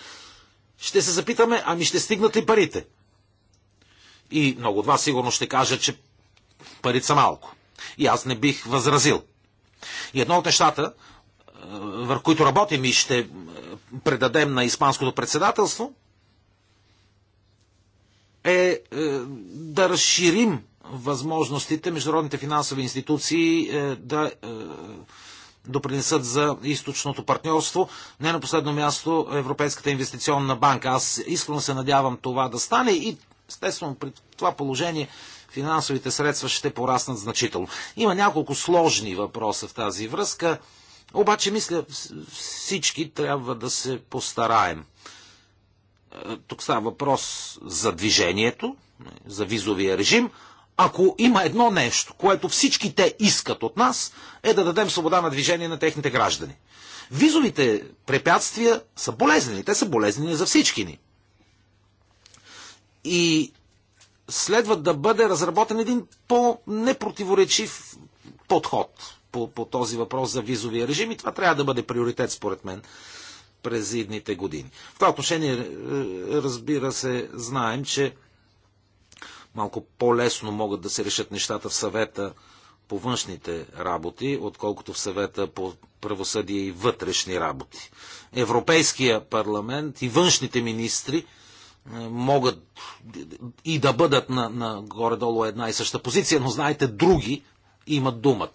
ще се запитаме, ами ще стигнат ли парите? И много от вас сигурно ще кажа, че парите са малко. И аз не бих възразил. И едно от нещата, е, върху които работим и ще е, предадем на Испанското председателство, е, е да разширим възможностите международните финансови институции е, да е, допринесат за източното партньорство. Не на последно място Европейската инвестиционна банка. Аз искрено се надявам това да стане и естествено при това положение финансовите средства ще пораснат значително. Има няколко сложни въпроса в тази връзка, обаче мисля всички трябва да се постараем тук става въпрос за движението, за визовия режим. Ако има едно нещо, което всички те искат от нас, е да дадем свобода на движение на техните граждани. Визовите препятствия са болезнени. Те са болезнени за всички ни. И следва да бъде разработен един по-непротиворечив подход по, по този въпрос за визовия режим и това трябва да бъде приоритет според мен през идните години. В това отношение, е, разбира се, знаем, че малко по-лесно могат да се решат нещата в съвета по външните работи, отколкото в съвета по правосъдие и вътрешни работи. Европейския парламент и външните министри е, могат и да бъдат на, на горе-долу една и съща позиция, но знаете, други имат думата.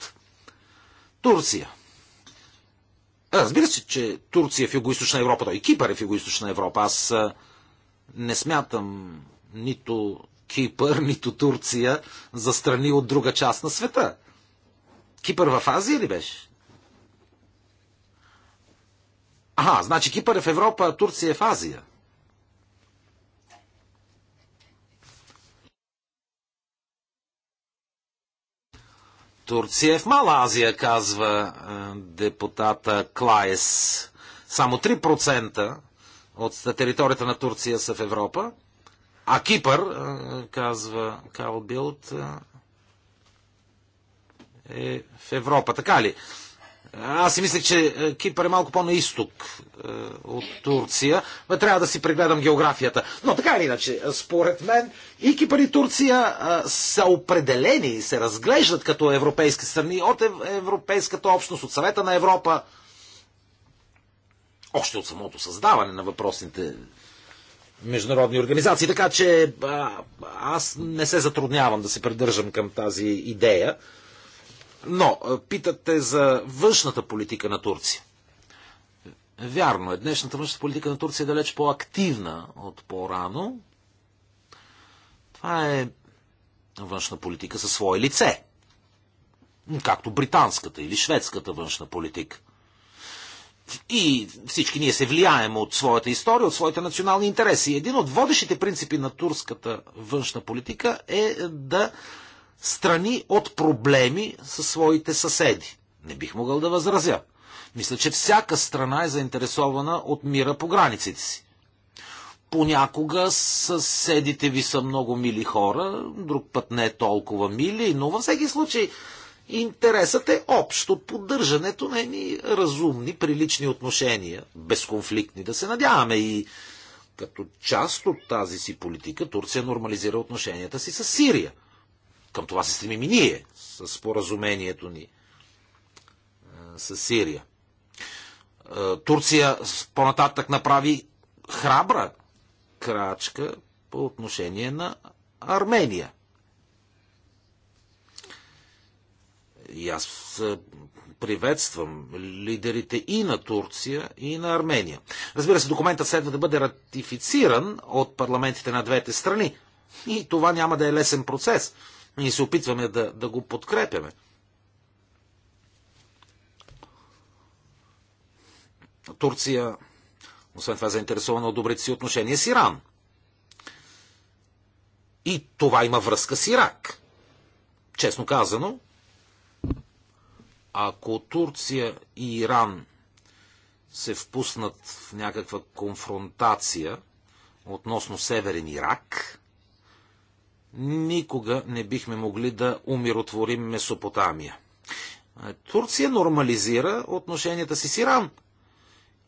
Турция – Разбира се, че Турция е в Юго-Источна Европа, той и Кипър е в юго Европа. Аз не смятам нито Кипър, нито Турция за страни от друга част на света. Кипър в Азия ли беше? Ага, значи Кипър е в Европа, а Турция е в Азия. Турция е в Мала Азия, казва е, депутата Клаес. Само 3% от територията на Турция са в Европа. А Кипър, е, казва Карл Билт, е, е в Европа. Така ли? Аз си мисля, че е, Кипър е малко по-на изток е, от Турция. ме трябва да си прегледам географията. Но така или иначе, според мен и Кипър и Турция е, са определени и се разглеждат като европейски страни от Европейската общност, от Съвета на Европа. Още от самото създаване на въпросните международни организации. Така че аз не се затруднявам да се придържам към тази идея. Но питате за външната политика на Турция. Вярно е, днешната външната политика на Турция е далеч по-активна от по-рано. Това е външна политика със свое лице. Както британската или шведската външна политика. И всички ние се влияем от своята история, от своите национални интереси. Един от водещите принципи на турската външна политика е да страни от проблеми със своите съседи. Не бих могъл да възразя. Мисля, че всяка страна е заинтересована от мира по границите си. Понякога съседите ви са много мили хора, друг път не е толкова мили, но във всеки случай интересът е общ от поддържането на едни разумни, прилични отношения, безконфликтни, да се надяваме и като част от тази си политика Турция нормализира отношенията си с Сирия – към това се стремим и ние с споразумението ни с Сирия. Турция по-нататък направи храбра крачка по отношение на Армения. И аз приветствам лидерите и на Турция, и на Армения. Разбира се, документът следва да бъде ратифициран от парламентите на двете страни. И това няма да е лесен процес. Ние се опитваме да, да го подкрепяме. Турция, освен това, е заинтересована от добрите си отношения с Иран. И това има връзка с Ирак. Честно казано, ако Турция и Иран се впуснат в някаква конфронтация относно Северен Ирак, никога не бихме могли да умиротворим Месопотамия. Турция нормализира отношенията си с Иран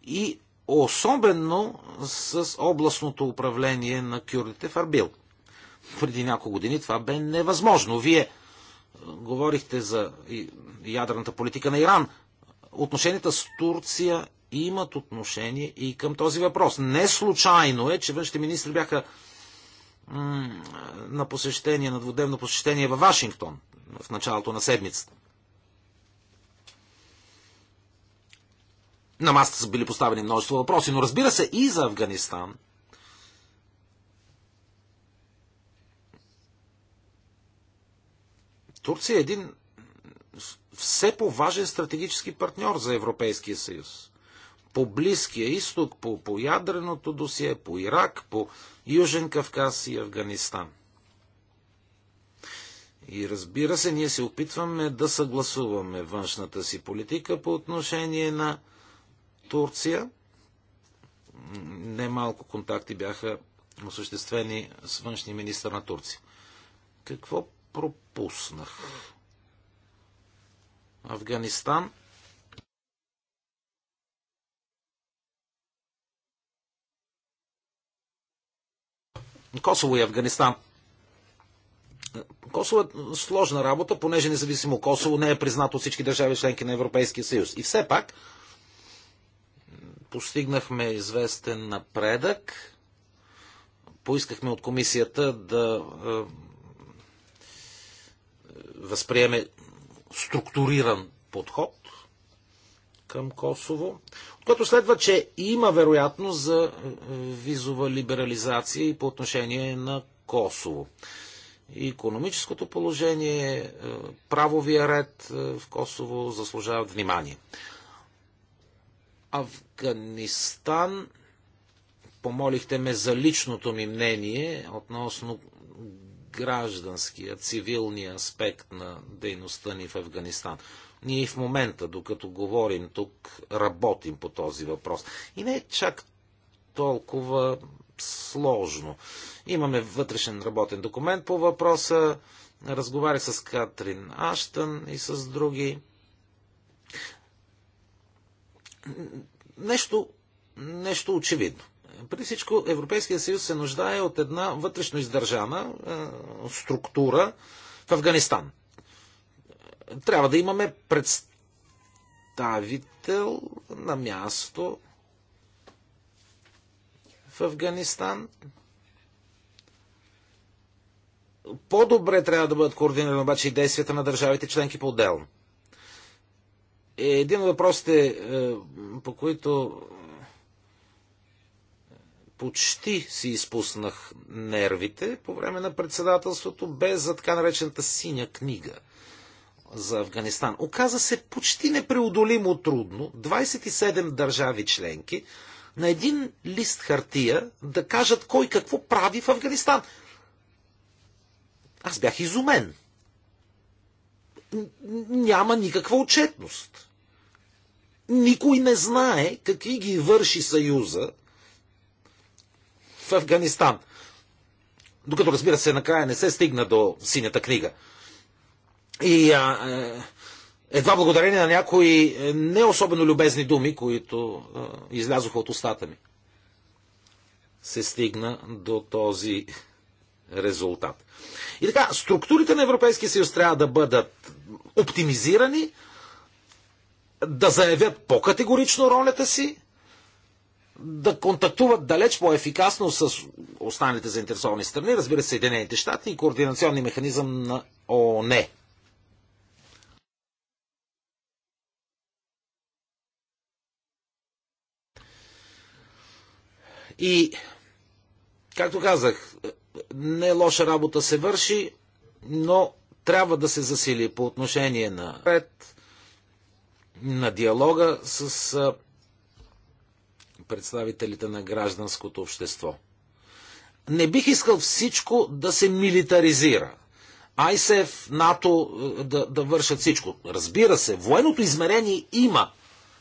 и особено с областното управление на кюрдите в Арбил. Преди няколко години това бе невъзможно. Вие говорихте за ядрената политика на Иран. Отношенията с Турция имат отношение и към този въпрос. Не случайно е, че външните министри бяха на посещение, на двудневно посещение във Вашингтон в началото на седмицата. На масата са били поставени множество въпроси, но разбира се и за Афганистан. Турция е един все по-важен стратегически партньор за Европейския съюз. По Близкия изток, по, по ядреното досие, по Ирак, по Южен Кавказ и Афганистан. И разбира се, ние се опитваме да съгласуваме външната си политика по отношение на Турция. Немалко контакти бяха осъществени с външния министър на Турция. Какво пропуснах? Афганистан. Косово и Афганистан Косово е сложна работа, понеже независимо Косово не е признато от всички държави членки на Европейския съюз. И все пак постигнахме известен напредък. Поискахме от комисията да е, възприеме структуриран подход към Косово, от което следва, че има вероятност за е, визова либерализация и по отношение на Косово економическото положение, е, правовия ред е, в Косово заслужават внимание. Афганистан помолихте ме за личното ми мнение относно гражданския, цивилния аспект на дейността ни в Афганистан. Ние в момента, докато говорим тук, работим по този въпрос. И не е чак толкова сложно. Имаме вътрешен работен документ по въпроса. Разговаря с Катрин Аштън и с други. Нещо, нещо очевидно. При всичко Европейския съюз се нуждае от една вътрешно издържана е, структура в Афганистан. Трябва да имаме представител на място в Афганистан, по-добре трябва да бъдат координирани обаче и действията на държавите членки по-отделно. Е, един от въпросите, е, по които е, почти си изпуснах нервите по време на председателството, без за така наречената синя книга за Афганистан. Оказа се почти непреодолимо трудно 27 държави членки на един лист хартия да кажат кой какво прави в Афганистан. Аз бях изумен. Няма никаква отчетност. Никой не знае какви ги върши Съюза в Афганистан. Докато, разбира се, накрая не се стигна до синята книга. И а, е, едва благодарение на някои е, не особено любезни думи, които а, е, излязоха от устата ми, се стигна до този резултат. И така, структурите на Европейския съюз трябва да бъдат оптимизирани, да заявят по-категорично ролята си, да контактуват далеч по-ефикасно с останалите заинтересовани страни, разбира се, Съединените щати и координационни механизъм на ООН. И, както казах, не лоша работа се върши, но трябва да се засили по отношение на пред, на диалога с представителите на гражданското общество. Не бих искал всичко да се милитаризира. ISF, НАТО да, да вършат всичко. Разбира се, военното измерение има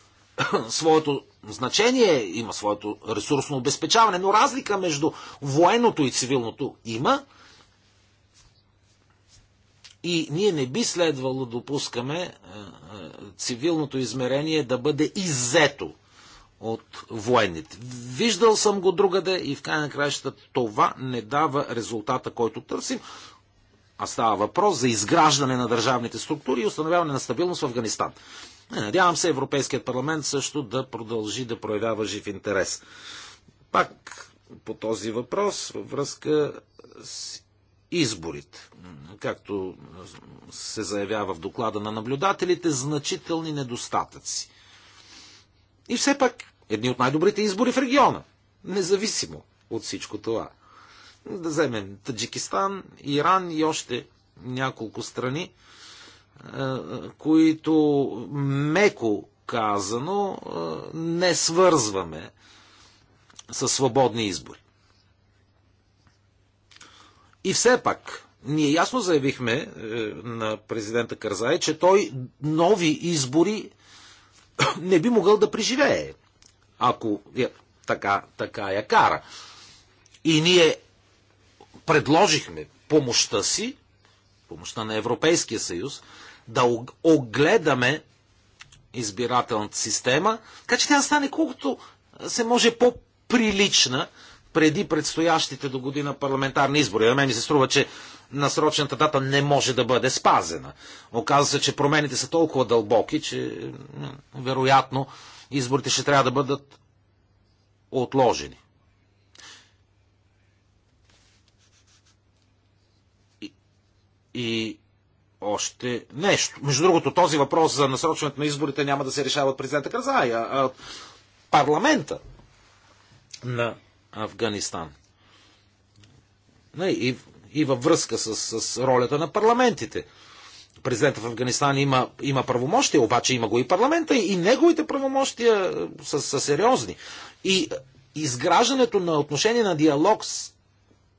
своето значение, има своето ресурсно обезпечаване, но разлика между военното и цивилното има. И ние не би следвало допускаме е, е, цивилното измерение да бъде иззето от военните. Виждал съм го другаде и в край на това не дава резултата, който търсим. А става въпрос за изграждане на държавните структури и установяване на стабилност в Афганистан. Надявам се Европейският парламент също да продължи да проявява жив интерес. Пак по този въпрос във връзка с изборите. Както се заявява в доклада на наблюдателите, значителни недостатъци. И все пак едни от най-добрите избори в региона, независимо от всичко това. Да вземем Таджикистан, Иран и още няколко страни, е, които меко казано е, не свързваме със свободни избори. И все пак, ние ясно заявихме е, на президента Карзай, че той нови избори не би могъл да преживее, ако така, така я кара. И ние предложихме помощта си, помощта на Европейския съюз, да огледаме избирателната система, така че тя стане колкото се може по-прилична преди предстоящите до година парламентарни избори. На мен ми се струва, че насрочената дата не може да бъде спазена. Оказва се, че промените са толкова дълбоки, че вероятно изборите ще трябва да бъдат отложени. И, и още нещо. Между другото, този въпрос за насрочването на изборите няма да се решава от президента Карзай, а от парламента на Афганистан. И, и във връзка с, с ролята на парламентите. Президентът в Афганистан има, има правомощия, обаче има го и парламента, и неговите правомощия е, са, са сериозни. И е, изграждането на отношение на диалог с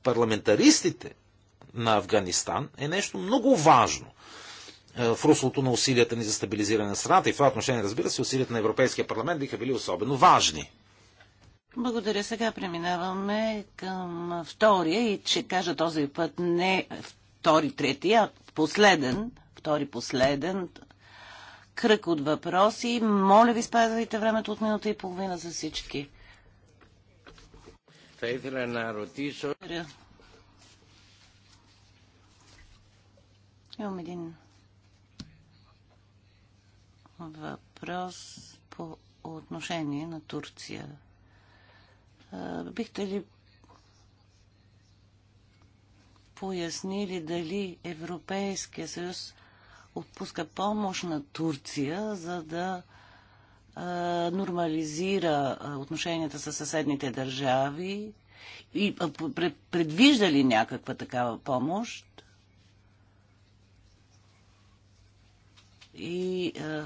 парламентаристите на Афганистан е нещо много важно е, в руслото на усилията ни за стабилизиране на страната и в това отношение, разбира се, усилията на Европейския парламент биха били особено важни. Благодаря. Сега преминаваме към втория и че кажа този път не втори, трети, а последен, втори последен кръг от въпроси. Моля ви, спазвайте времето от минута и половина за всички. Имам един въпрос по отношение на Турция. Бихте ли пояснили дали Европейския съюз отпуска помощ на Турция, за да нормализира отношенията с съседните държави и предвижда ли някаква такава помощ? И а, е,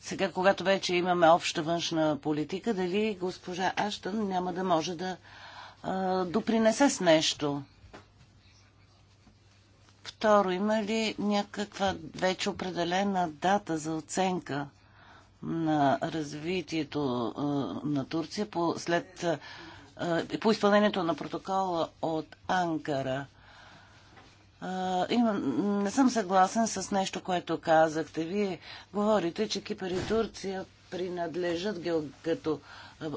сега, когато вече имаме обща външна политика, дали госпожа Аштън няма да може да а, е, допринесе с нещо? Второ, има ли някаква вече определена дата за оценка на развитието а, е, на Турция по, след, а, по изпълнението на протокола от Анкара? А, имам, не съм съгласен с нещо, което казахте. Вие говорите, че Кипър и Турция принадлежат гео, като,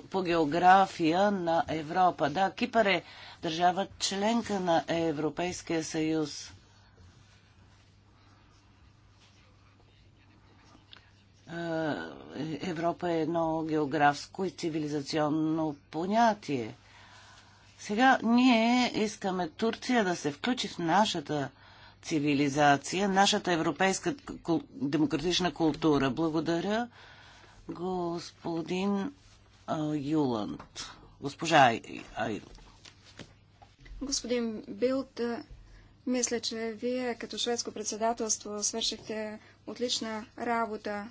по география на Европа. Да, Кипър е държава членка на Европейския съюз. Европа е едно географско и цивилизационно понятие. Сега ние искаме Турция да се включи в нашата цивилизация, нашата европейска демократична култура. Благодаря, господин Юланд. Госпожа Айл. Господин Билт, мисля, че вие като шведско председателство свършихте отлична работа.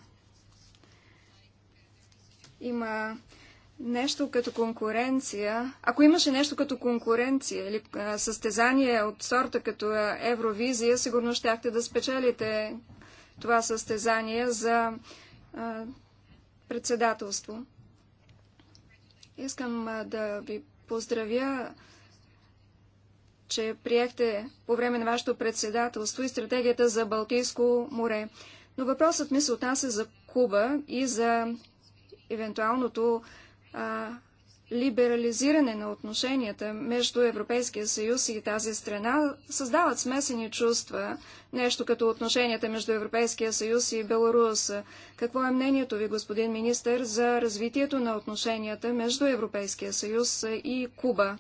Има нещо като конкуренция, ако имаше нещо като конкуренция или а, състезание от сорта като Евровизия, сигурно щяхте да спечелите това състезание за а, председателство. Искам а, да ви поздравя, че приехте по време на вашето председателство и стратегията за Балтийско море. Но въпросът ми се отнася за Куба и за евентуалното а, либерализиране на отношенията между Европейския съюз и тази страна създават смесени чувства, нещо като отношенията между Европейския съюз и Беларус. Какво е мнението ви, господин министр, за развитието на отношенията между Европейския съюз и Куба?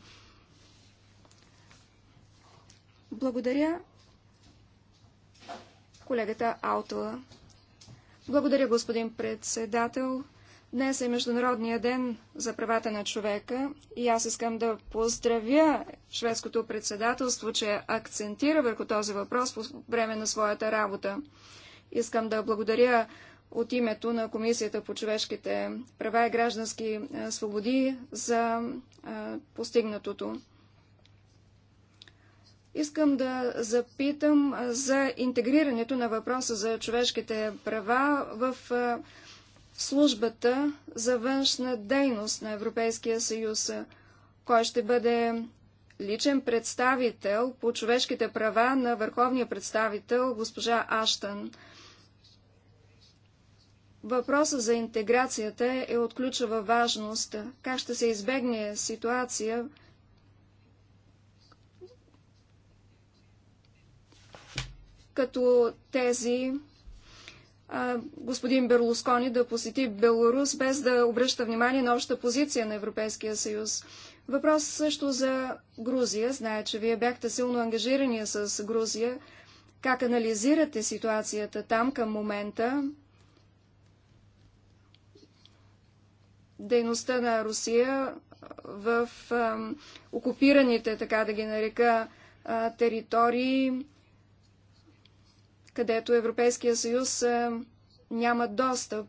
Благодаря колегата Аутала. Благодаря, господин председател. Днес е Международния ден за правата на човека и аз искам да поздравя шведското председателство, че акцентира върху този въпрос по време на своята работа. Искам да благодаря от името на Комисията по човешките права и граждански е, свободи за е, постигнатото. Искам да запитам е, за интегрирането на въпроса за човешките права в службата за външна дейност на Европейския съюз, кой ще бъде личен представител по човешките права на върховния представител госпожа Аштън. Въпросът за интеграцията е от ключова важност. Как ще се избегне ситуация, като тези господин Берлускони да посети Беларус, без да обръща внимание на обща позиция на Европейския съюз. Въпрос също за Грузия. Зная, че вие бяхте силно ангажирани с Грузия. Как анализирате ситуацията там към момента? Дейността на Русия в окупираните, така да ги нарека, територии, където Европейския съюз няма достъп.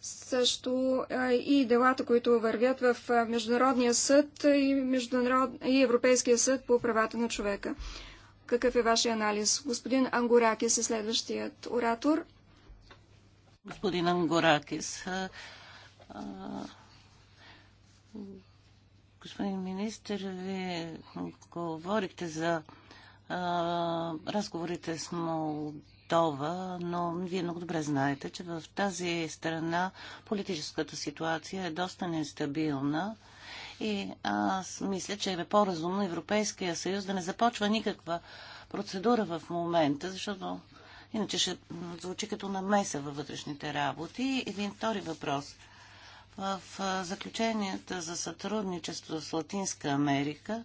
Също и делата, които вървят в Международния съд и, Международ... и Европейския съд по правата на човека. Какъв е вашия анализ? Господин Ангоракис е следващият оратор. Господин Ангоракис, Господин министр, ви говорихте за а, разговорите с Молдова, но вие много добре знаете, че в тази страна политическата ситуация е доста нестабилна и аз мисля, че е по-разумно Европейския съюз да не започва никаква процедура в момента, защото иначе ще звучи като намеса във вътрешните работи. Един втори въпрос – в заключенията за сътрудничество с Латинска Америка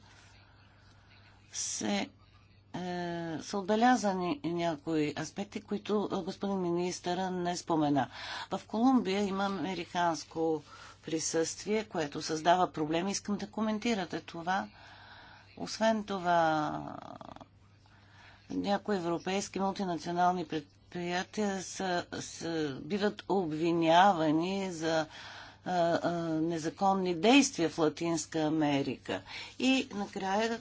се, е, са отбелязани някои аспекти, които господин министъра не спомена. В Колумбия има американско присъствие, което създава проблеми. Искам да коментирате това. Освен това, някои европейски мултинационални предприятия са, са, биват обвинявани за незаконни действия в Латинска Америка. И накрая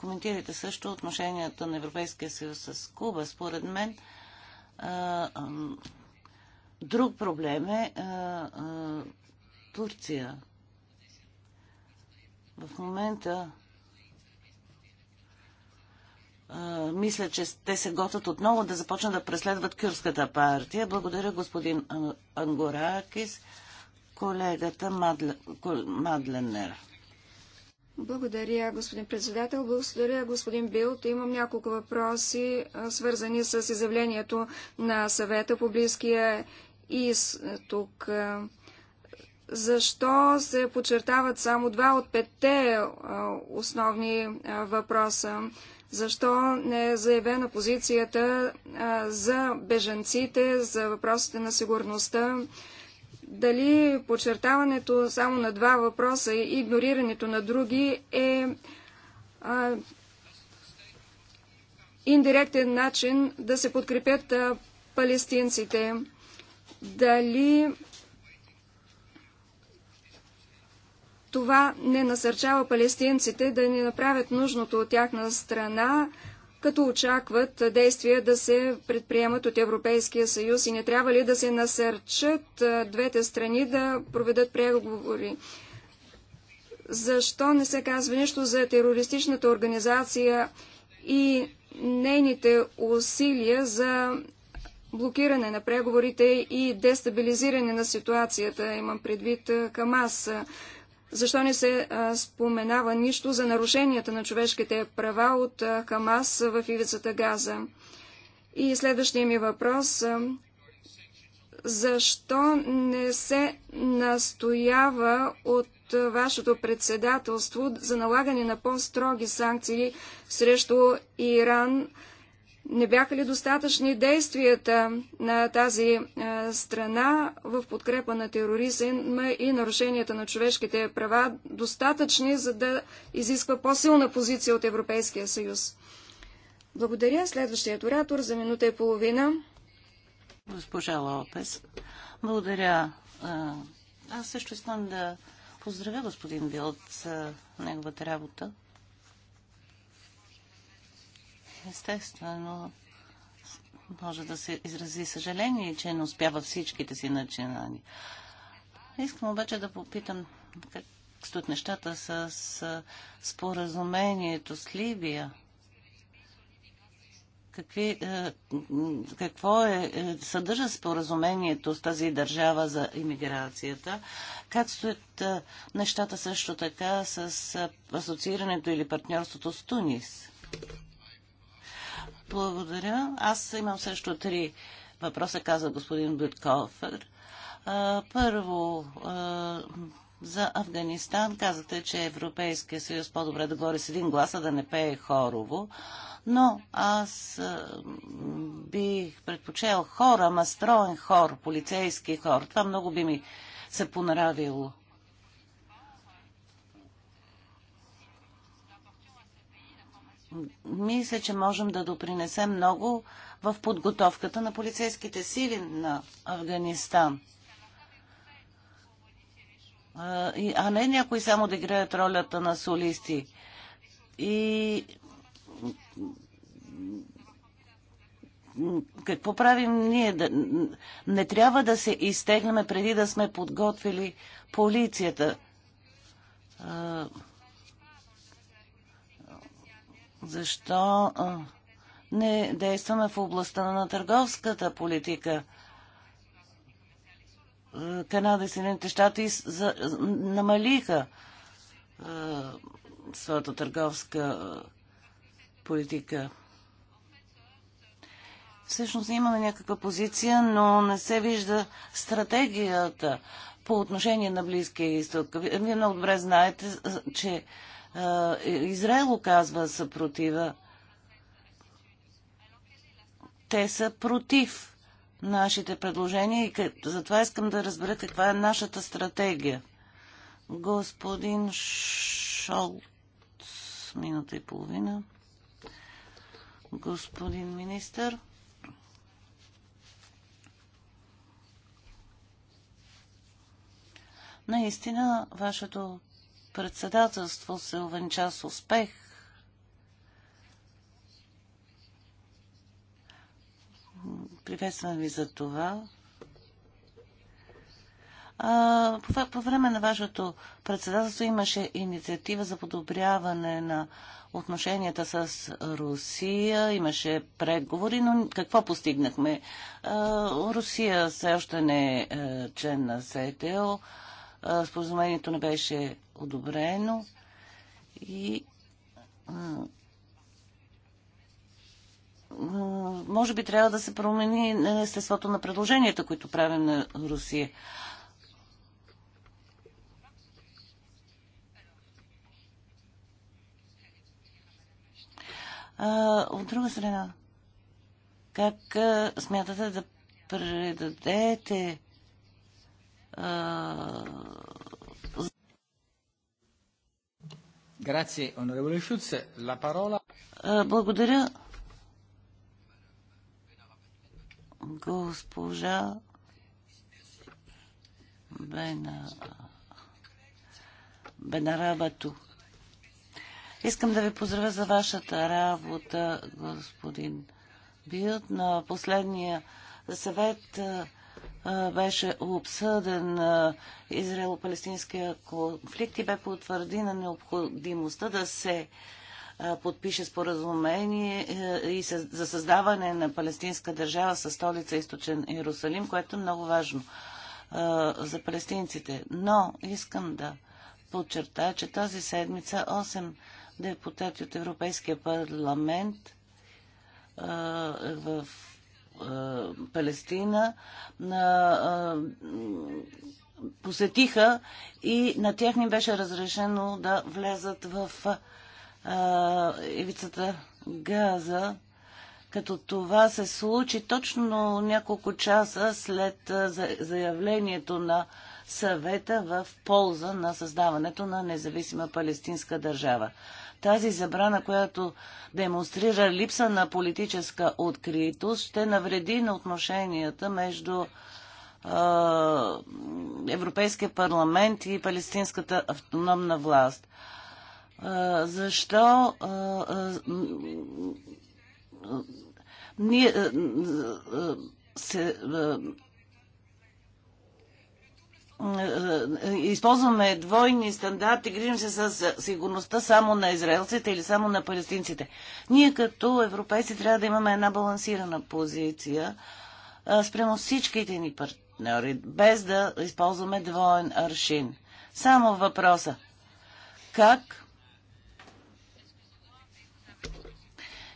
коментирайте също отношенията на Европейския съюз с Куба. Според мен друг проблем е Турция. В момента мисля, че те се готвят отново да започнат да преследват Кюрската партия. Благодаря господин Ангоракис колегата Мадленер. Благодаря, господин председател. Благодаря, господин Билт. Имам няколко въпроси, свързани с изявлението на съвета по Близкия изток. Защо се подчертават само два от петте основни въпроса? Защо не е заявена позицията за бежанците, за въпросите на сигурността? дали подчертаването само на два въпроса и игнорирането на други е а, индиректен начин да се подкрепят а, палестинците. Дали това не насърчава палестинците да не направят нужното от тяхна страна, като очакват действия да се предприемат от Европейския съюз и не трябва ли да се насърчат двете страни да проведат преговори? Защо не се казва нищо за терористичната организация и нейните усилия за блокиране на преговорите и дестабилизиране на ситуацията, имам предвид Камаса? Защо не се а, споменава нищо за нарушенията на човешките права от а, Хамас в ивицата Газа? И следващия ми въпрос. А, защо не се настоява от вашето председателство за налагане на по-строги санкции срещу Иран не бяха ли достатъчни действията на тази е, страна в подкрепа на тероризма и нарушенията на човешките права достатъчни, за да изисква по-силна позиция от Европейския съюз? Благодаря. Следващият оратор за минута и половина. Госпожа Лопес, благодаря. Е, аз също искам да поздравя господин Билт за неговата работа естествено може да се изрази съжаление, че не успява всичките си начинания. Искам обаче да попитам как стоят нещата с споразумението с Либия. Какви, е, какво е, е, съдържа споразумението с тази държава за иммиграцията? Как стоят е, нещата също така с асоциирането или партньорството с Тунис? Благодаря. Аз имам също три въпроса, каза господин Бюткофер. Първо, за Афганистан казате, че Европейския съюз по-добре да говори с един глас, а да не пее хорово. Но аз бих предпочел хора, мастроен хор, полицейски хор. Това много би ми се понравило. мисля, че можем да допринесем много в подготовката на полицейските сили на Афганистан. А не някои само да играят ролята на солисти. И какво правим ние? Не трябва да се изтегнем преди да сме подготвили полицията. Защо не действаме в областта на търговската политика? Канада и Съединените щати намалиха своята търговска политика. Всъщност имаме някаква позиция, но не се вижда стратегията по отношение на Близкия изток. Вие много добре знаете, че Израел оказва съпротива. Те са против нашите предложения и затова искам да разбера каква е нашата стратегия. Господин Шолц, минута и половина. Господин министър. Наистина, вашето председателство се увенча с успех. Приветствам ви за това. А, по, по време на вашето председателство имаше инициатива за подобряване на отношенията с Русия. Имаше преговори, но какво постигнахме? А, Русия все още не е, е член на СТО. Споразумението не беше одобрено и може би трябва да се промени е, естеството на предложенията, които правим на Русия. А, от друга страна, как смятате да предадете Grazie, onorevole Schutz. La parola... Благодаря. Госпожа Бена... Бенарабату. Искам да ви поздравя за вашата работа, господин Билт. На последния съвет беше обсъден израело-палестинския конфликт и бе потвърдена необходимостта да се подпише споразумение е, и за създаване на палестинска държава със столица Източен Иерусалим, което е много важно за палестинците. Но искам да подчертая, че тази седмица 8 депутати от Европейския парламент в е, Палестина на, е, посетиха и на тях ни беше разрешено да влезат в е, ивицата Газа, като това се случи точно няколко часа след заявлението на съвета в полза на създаването на независима палестинска държава. Тази забрана, която демонстрира липса на политическа откритост, ще навреди на отношенията между Европейския парламент и Палестинската автономна власт. Защо ние се е, е, използваме двойни стандарти, грижим се с сигурността само на израелците или само на палестинците. Ние като европейци трябва да имаме една балансирана позиция спрямо всичките ни партньори, без да използваме двоен аршин. Само въпроса. Как?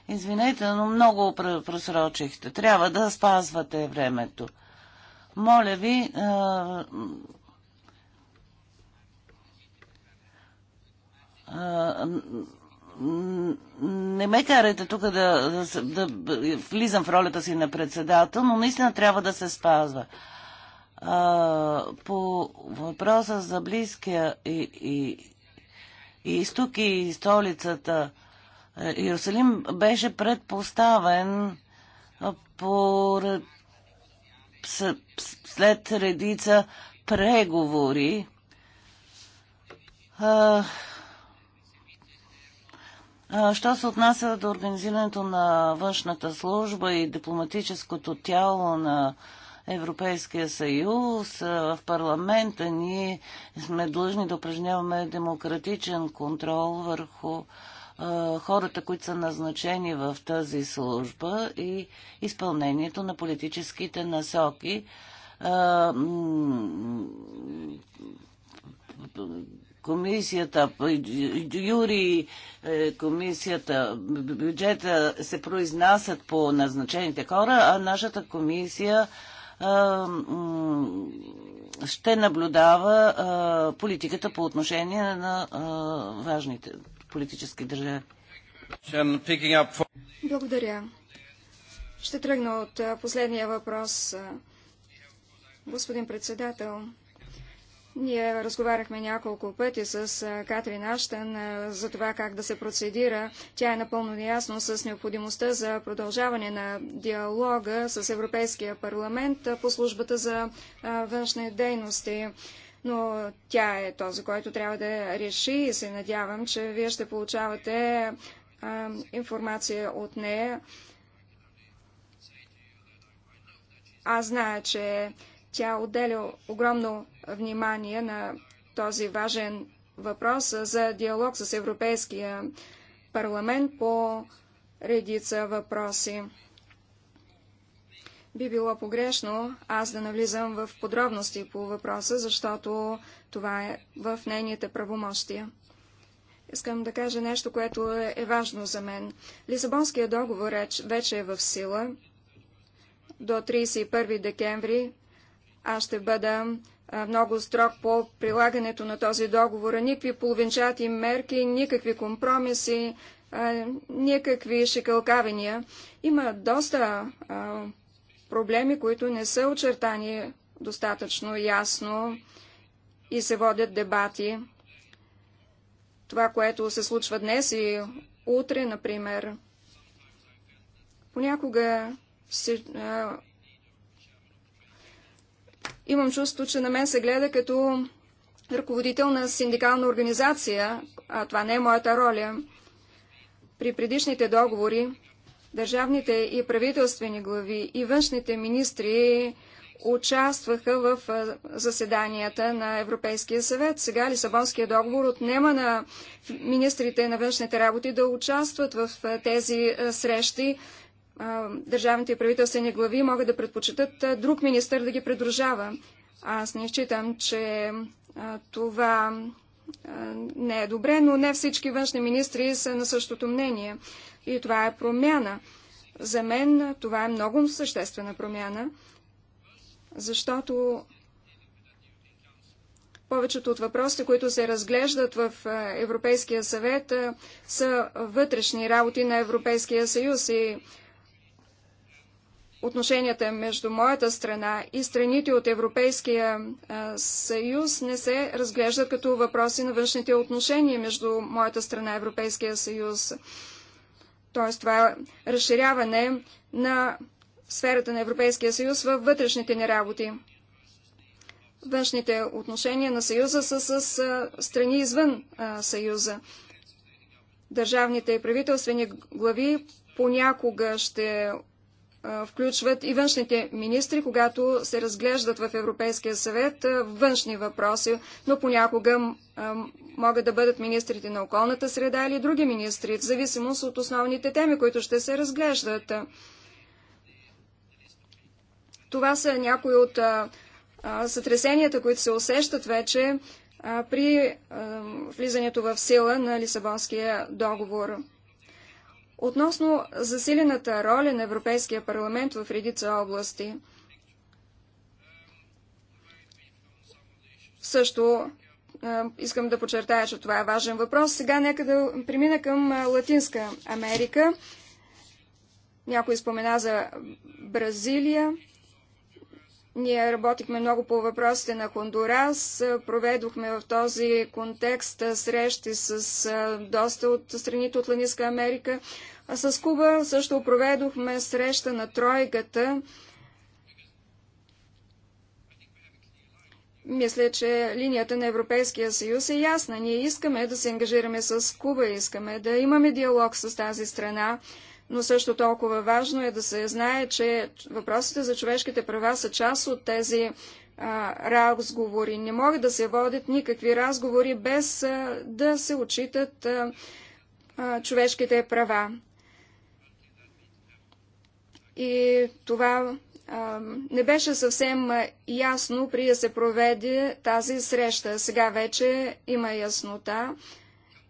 Извинете, но много просрочихте. Трябва да спазвате времето. Моля ви, не ме карайте тук да, да, да влизам в ролята си на председател, но наистина трябва да се спазва. А, по въпроса за Близкия и, и, и изток и столицата, Иерусалим беше предпоставен поред след редица преговори Що се отнася до организирането на външната служба и дипломатическото тяло на Европейския съюз, в парламента ние сме длъжни да упражняваме демократичен контрол върху хората, които са назначени в тази служба и изпълнението на политическите насоки. комисията, юри е, комисията, бюджета се произнасят по назначените хора, а нашата комисия ще наблюдава политиката по отношение на важните политически държави. Благодаря. Ще тръгна от последния въпрос. Господин председател, ние разговаряхме няколко пъти с Катрин Аштен за това как да се процедира. Тя е напълно неясно с необходимостта за продължаване на диалога с Европейския парламент по службата за външни дейности но тя е този, който трябва да реши и се надявам, че вие ще получавате а, информация от нея. Аз зная, че тя отделя огромно внимание на този важен въпрос за диалог с Европейския парламент по редица въпроси. Би било погрешно аз да навлизам в подробности по въпроса, защото това е в нейните правомощия. Искам да кажа нещо, което е важно за мен. Лисабонския договор вече е в сила. До 31 декември аз ще бъда много строг по прилагането на този договор. Никакви половинчати мерки, никакви компромиси, никакви шикалкавения. Има доста а, проблеми, които не са очертани достатъчно ясно и се водят дебати. Това, което се случва днес и утре, например, понякога се, а, имам чувство, че на мен се гледа като ръководител на синдикална организация, а това не е моята роля. При предишните договори държавните и правителствени глави и външните министри участваха в заседанията на Европейския съвет. Сега Лисабонския договор отнема на министрите на външните работи да участват в тези срещи. Държавните и правителствени глави могат да предпочитат друг министър да ги придружава. Аз не считам, че това не е добре, но не всички външни министри са на същото мнение. И това е промяна. За мен това е много съществена промяна, защото повечето от въпросите, които се разглеждат в Европейския съвет, са вътрешни работи на Европейския съюз и отношенията между моята страна и страните от Европейския съюз не се разглеждат като въпроси на външните отношения между моята страна и Европейския съюз. Тоест това е разширяване на сферата на Европейския съюз във вътрешните ни работи. Външните отношения на Съюза са с страни извън Съюза. Държавните и правителствени глави понякога ще включват и външните министри, когато се разглеждат в Европейския съвет външни въпроси, но понякога могат да бъдат министрите на околната среда или други министри, в зависимост от основните теми, които ще се разглеждат. Това са някои от сътресенията, които се усещат вече при влизането в сила на Лисабонския договор. Относно засилената роля на Европейския парламент в редица области, също искам да подчертая, че това е важен въпрос. Сега нека да премина към Латинска Америка. Някой спомена за Бразилия. Ние работихме много по въпросите на Хондурас, проведохме в този контекст срещи с доста от страните от Ланинска Америка, а с Куба също проведохме среща на тройката. Мисля, че линията на Европейския съюз е ясна. Ние искаме да се ангажираме с Куба, искаме да имаме диалог с тази страна но също толкова важно е да се знае, че въпросите за човешките права са част от тези а, разговори. Не могат да се водят никакви разговори без а, да се отчитат а, човешките права. И това не беше съвсем ясно при да се проведе тази среща. Сега вече има яснота.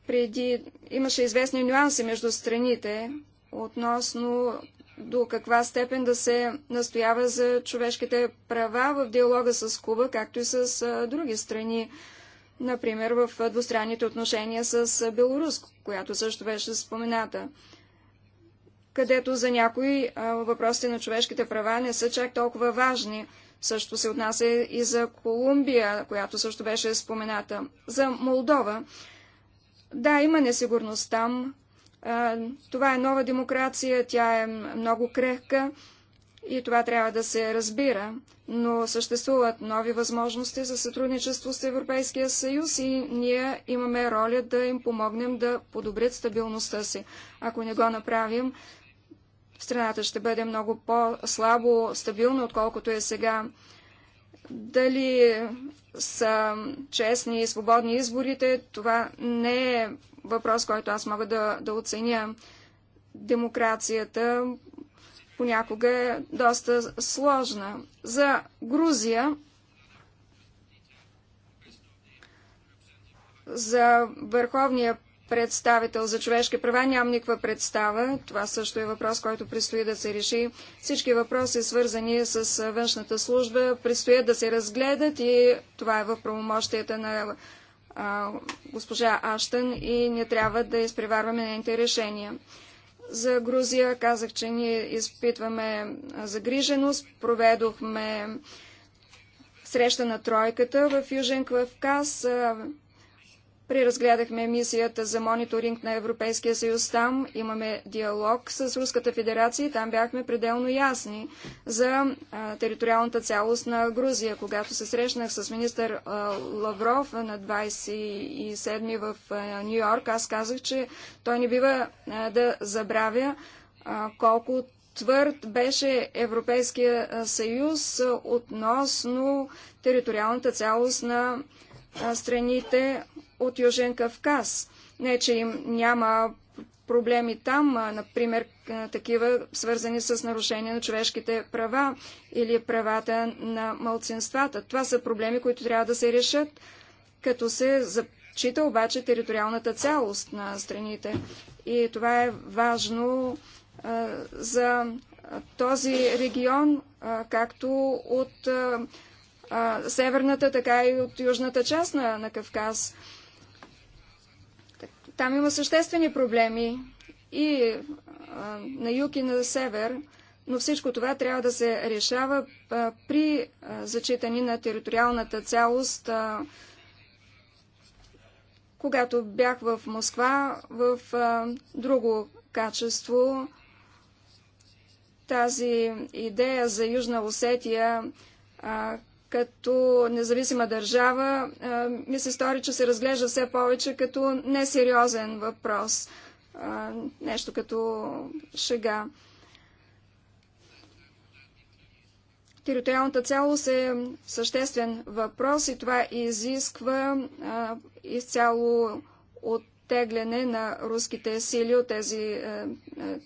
Преди имаше известни нюанси между страните относно до каква степен да се настоява за човешките права в диалога с Куба, както и с други страни. Например, в двустранните отношения с Белорус, която също беше спомената, където за някои въпросите на човешките права не са чак толкова важни. Също се отнася и за Колумбия, която също беше спомената. За Молдова. Да, има несигурност там, това е нова демокрация, тя е много крехка и това трябва да се разбира, но съществуват нови възможности за сътрудничество с Европейския съюз и ние имаме роля да им помогнем да подобрят стабилността си. Ако не го направим, страната ще бъде много по-слабо стабилна, отколкото е сега. Дали са честни и свободни изборите, това не е въпрос, който аз мога да, да оценя. Демокрацията понякога е доста сложна. За Грузия, за върховния представител за човешки права, нямам никаква представа. Това също е въпрос, който предстои да се реши. Всички въпроси, свързани с външната служба, предстоят да се разгледат и това е в правомощията на а, госпожа Аштън и не трябва да изпреварваме нейните решения. За Грузия казах, че ние изпитваме загриженост. Проведохме среща на тройката в Южен Кавказ. Преразгледахме мисията за мониторинг на Европейския съюз там. Имаме диалог с Руската федерация и там бяхме пределно ясни за териториалната цялост на Грузия. Когато се срещнах с министър Лавров на 27 ми в Нью Йорк, аз казах, че той не бива да забравя колко твърд беше Европейския съюз относно териториалната цялост на страните от Южен Кавказ. Не, че им няма проблеми там, например, такива свързани с нарушение на човешките права или правата на мълцинствата. Това са проблеми, които трябва да се решат, като се зачита обаче териториалната цялост на страните. И това е важно а, за този регион, а, както от северната, така и от южната част на, на Кавказ. Там има съществени проблеми и а, на юг и на север, но всичко това трябва да се решава а, при а, зачитане на териториалната цялост. А, когато бях в Москва, в а, друго качество, тази идея за Южна Осетия а, като независима държава, ми се стори, че се разглежда все повече като несериозен въпрос. Нещо като шега. Териториалната цялост е съществен въпрос и това изисква изцяло от оттегляне на руските сили от тези е, е,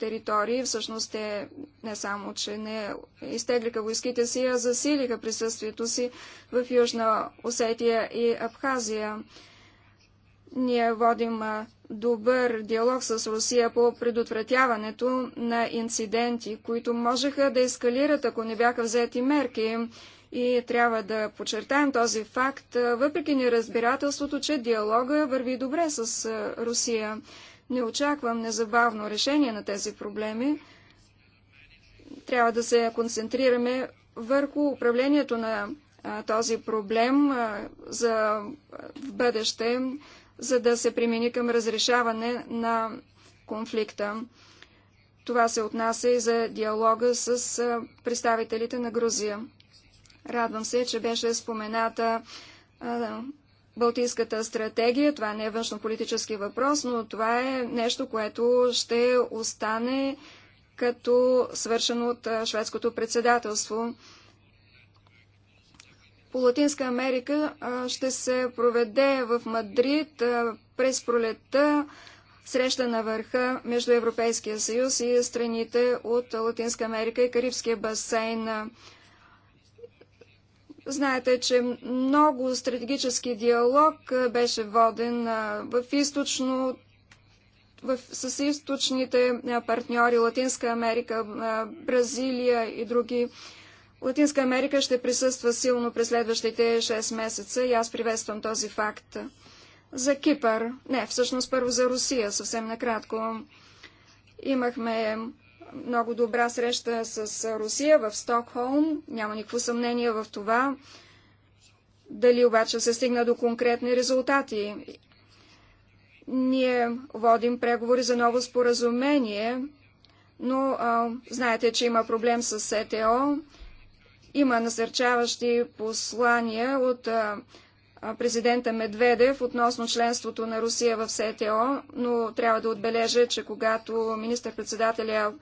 територии. Всъщност те не само, че не изтеглиха войските си, а засилиха присъствието си в Южна Осетия и Абхазия. Ние водим е, добър диалог с Русия по предотвратяването на инциденти, които можеха да ескалират, ако не бяха взети мерки. И трябва да подчертаем този факт, въпреки неразбирателството, че диалога върви добре с Русия. Не очаквам незабавно решение на тези проблеми. Трябва да се концентрираме върху управлението на този проблем за в бъдеще, за да се примени към разрешаване на конфликта. Това се отнася и за диалога с представителите на Грузия. Радвам се, че беше спомената Балтийската стратегия. Това не е външно политически въпрос, но това е нещо, което ще остане като свършено от шведското председателство. По Латинска Америка ще се проведе в Мадрид през пролетта среща на върха между Европейския съюз и страните от Латинска Америка и Карибския басейн. Знаете, че много стратегически диалог беше воден в източно в, с източните партньори Латинска Америка, Бразилия и други. Латинска Америка ще присъства силно през следващите 6 месеца и аз приветствам този факт. За Кипър, не, всъщност първо за Русия, съвсем накратко. Имахме много добра среща с Русия в Стокхолм. Няма никакво съмнение в това. Дали обаче се стигна до конкретни резултати? Ние водим преговори за ново споразумение, но а, знаете, че има проблем с СТО. Има насърчаващи послания от а, президента Медведев относно членството на Русия в СТО, но трябва да отбележа, че когато министър-председателя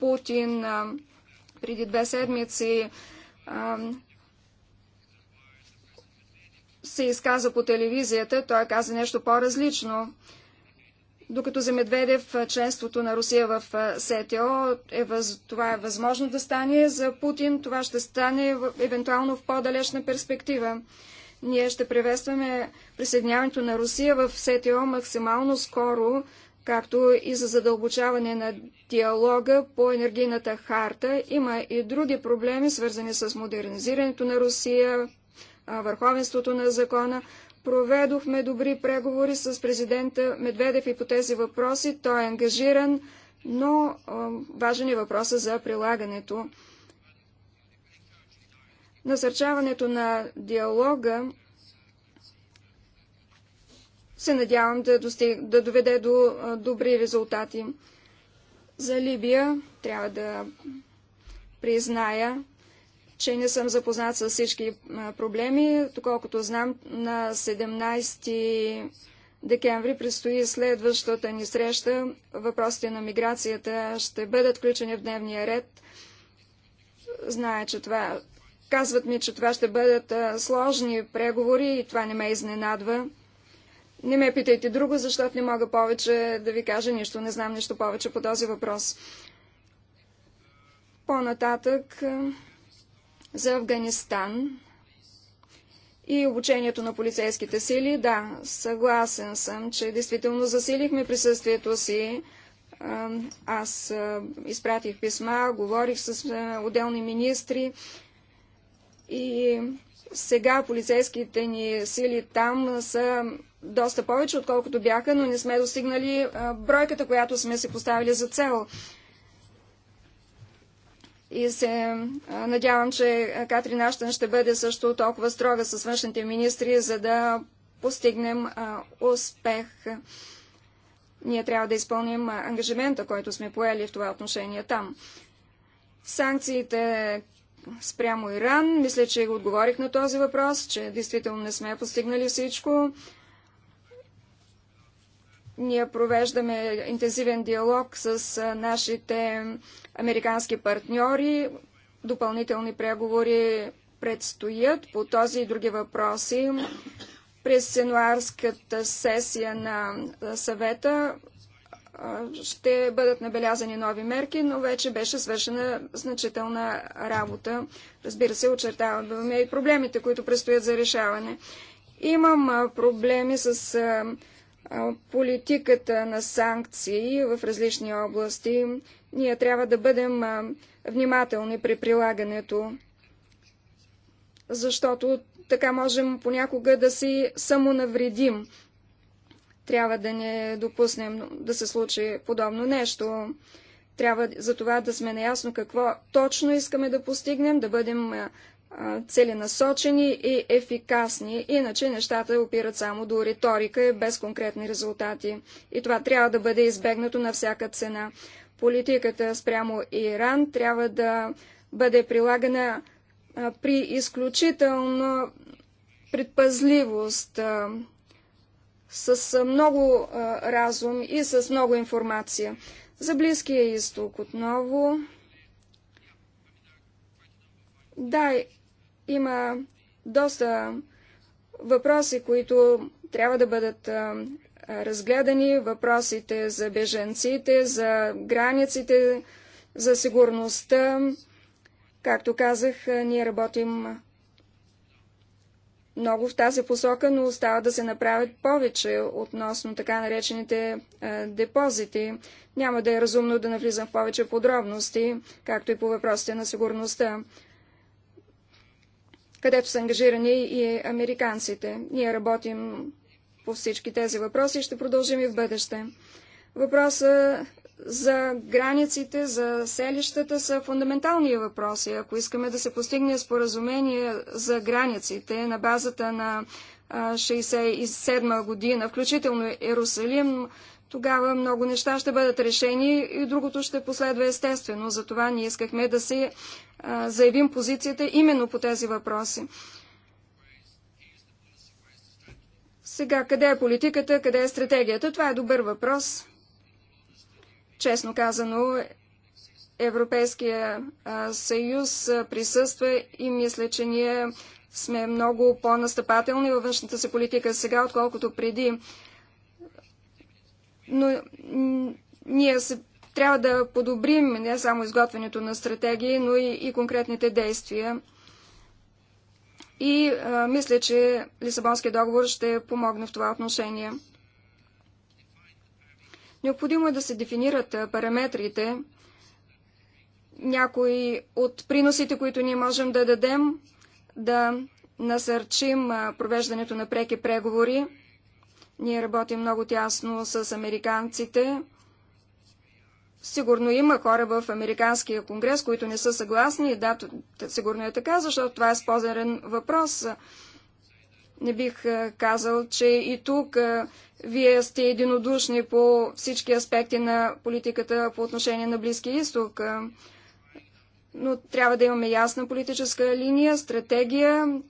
Путин преди две седмици се изказа по телевизията, той каза нещо по-различно. Докато за Медведев членството на Русия в СТО е въз... това е възможно да стане, за Путин това ще стане евентуално в по-далечна перспектива. Ние ще приветстваме присъединяването на Русия в СТО максимално скоро, както и за задълбочаване на диалога по енергийната харта. Има и други проблеми, свързани с модернизирането на Русия, върховенството на закона. Проведохме добри преговори с президента Медведев и по тези въпроси. Той е ангажиран, но важен е въпросът за прилагането. Насърчаването на диалога се надявам да, достиг, да доведе до добри резултати. За Либия трябва да призная, че не съм запознат с всички проблеми. Доколкото знам, на 17 декември предстои следващата ни среща. Въпросите на миграцията ще бъдат включени в дневния ред. Зная, че това Казват ми, че това ще бъдат а, сложни преговори и това не ме изненадва. Не ме питайте друго, защото не мога повече да ви кажа нищо. Не знам нищо повече по този въпрос. По-нататък за Афганистан и обучението на полицейските сили. Да, съгласен съм, че действително засилихме присъствието си. Аз изпратих писма, говорих с отделни министри и сега полицейските ни сили там са доста повече, отколкото бяха, но не сме достигнали бройката, която сме си поставили за цел. И се надявам, че Катрин Аштън ще бъде също толкова строга с външните министри, за да постигнем успех. Ние трябва да изпълним ангажимента, който сме поели в това отношение там. Санкциите спрямо Иран. Мисля, че отговорих на този въпрос, че действително не сме постигнали всичко. Ние провеждаме интензивен диалог с нашите американски партньори. Допълнителни преговори предстоят по този и други въпроси. През сенуарската сесия на съвета ще бъдат набелязани нови мерки, но вече беше свършена значителна работа. Разбира се, очертаваме и проблемите, които предстоят за решаване. Имам проблеми с политиката на санкции в различни области. Ние трябва да бъдем внимателни при прилагането, защото така можем понякога да си самонавредим. Трябва да не допуснем да се случи подобно нещо. Трябва за това да сме наясно какво точно искаме да постигнем, да бъдем целенасочени и ефикасни, иначе нещата опират само до риторика и без конкретни резултати. И това трябва да бъде избегнато на всяка цена. Политиката спрямо Иран трябва да бъде прилагана при изключително предпазливост с много разум и с много информация. За Близкия изток отново. Да, има доста въпроси, които трябва да бъдат разгледани. Въпросите за беженците, за границите, за сигурността. Както казах, ние работим много в тази посока, но остава да се направят повече относно така наречените е, депозити. Няма да е разумно да навлизам в повече подробности, както и по въпросите на сигурността, където са ангажирани и американците. Ние работим по всички тези въпроси и ще продължим и в бъдеще. Въпроса за границите, за селищата са фундаментални въпроси. Ако искаме да се постигне споразумение за границите на базата на 67 година, включително Иерусалим, тогава много неща ще бъдат решени и другото ще последва естествено. Затова ние искахме да се заявим позицията именно по тези въпроси. Сега, къде е политиката, къде е стратегията? Това е добър въпрос. Честно казано, Европейския съюз присъства и мисля, че ние сме много по-настъпателни във външната си политика сега, отколкото преди. Но ние се, трябва да подобрим не само изготвянето на стратегии, но и, и конкретните действия. И а, мисля, че Лисабонския договор ще помогне в това отношение. Необходимо е да се дефинират параметрите, някои от приносите, които ние можем да дадем, да насърчим провеждането на преки преговори. Ние работим много тясно с американците. Сигурно има хора в Американския конгрес, които не са съгласни. Да, сигурно е така, защото това е спозерен въпрос. Не бих казал, че и тук вие сте единодушни по всички аспекти на политиката по отношение на Близкия изток. Но трябва да имаме ясна политическа линия, стратегия,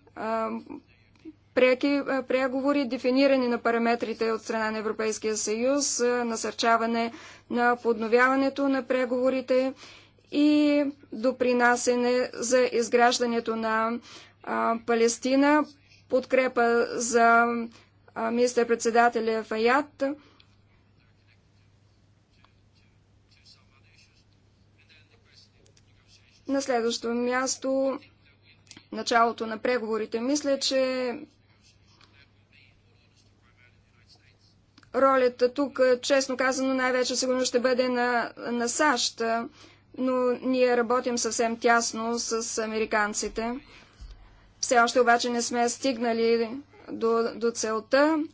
преки преговори, дефиниране на параметрите от страна на Европейския съюз, насърчаване на подновяването на преговорите и допринасене за изграждането на Палестина подкрепа за министър-председателя Фаят. На следващо място, началото на преговорите. Мисля, че ролята тук, честно казано, най-вече сигурно ще бъде на, на САЩ, но ние работим съвсем тясно с американците. Все още обаче не сме стигнали до, до целта.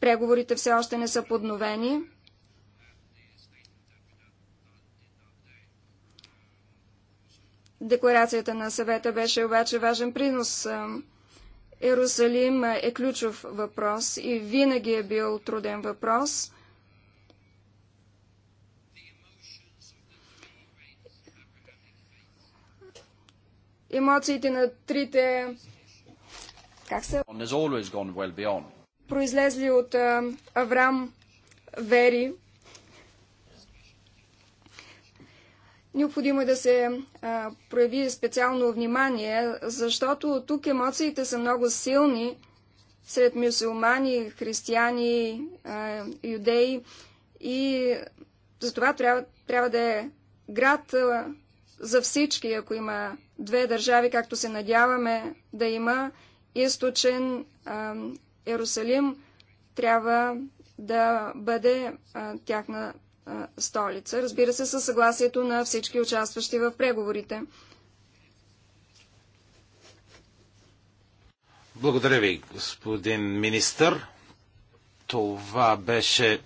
Преговорите все още не са подновени. Декларацията на съвета беше обаче важен принос. Е, Ерусалим е ключов въпрос и винаги е бил труден въпрос – емоциите на трите как се... well произлезли от Аврам Вери. Необходимо е да се прояви специално внимание, защото тук емоциите са много силни сред мюсулмани, християни, юдеи и затова трябва, трябва да е град за всички, ако има две държави, както се надяваме да има, източен а, Ерусалим трябва да бъде тяхна столица. Разбира се, със съгласието на всички участващи в преговорите. Благодаря ви, господин министър. Това беше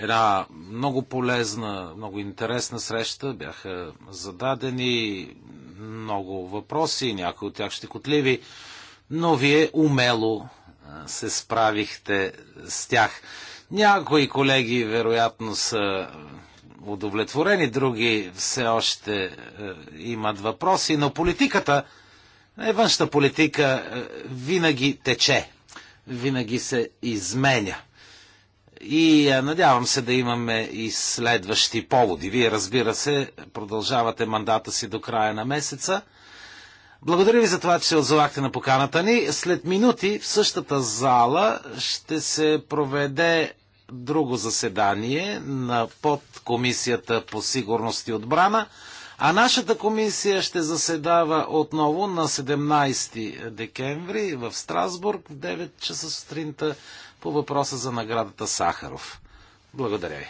една много полезна, много интересна среща. Бяха зададени много въпроси, някои от тях щекотливи, но вие умело се справихте с тях. Някои колеги, вероятно, са удовлетворени, други все още имат въпроси, но политиката, е, външната политика винаги тече, винаги се изменя. И е, надявам се да имаме и следващи поводи. Вие, разбира се, продължавате мандата си до края на месеца. Благодаря ви за това, че се отзовахте на поканата ни. След минути в същата зала ще се проведе друго заседание на подкомисията по сигурност и отбрана, а нашата комисия ще заседава отново на 17 декември в Страсбург в 9 часа сутринта по въпроса за наградата Сахаров. Благодаря ви.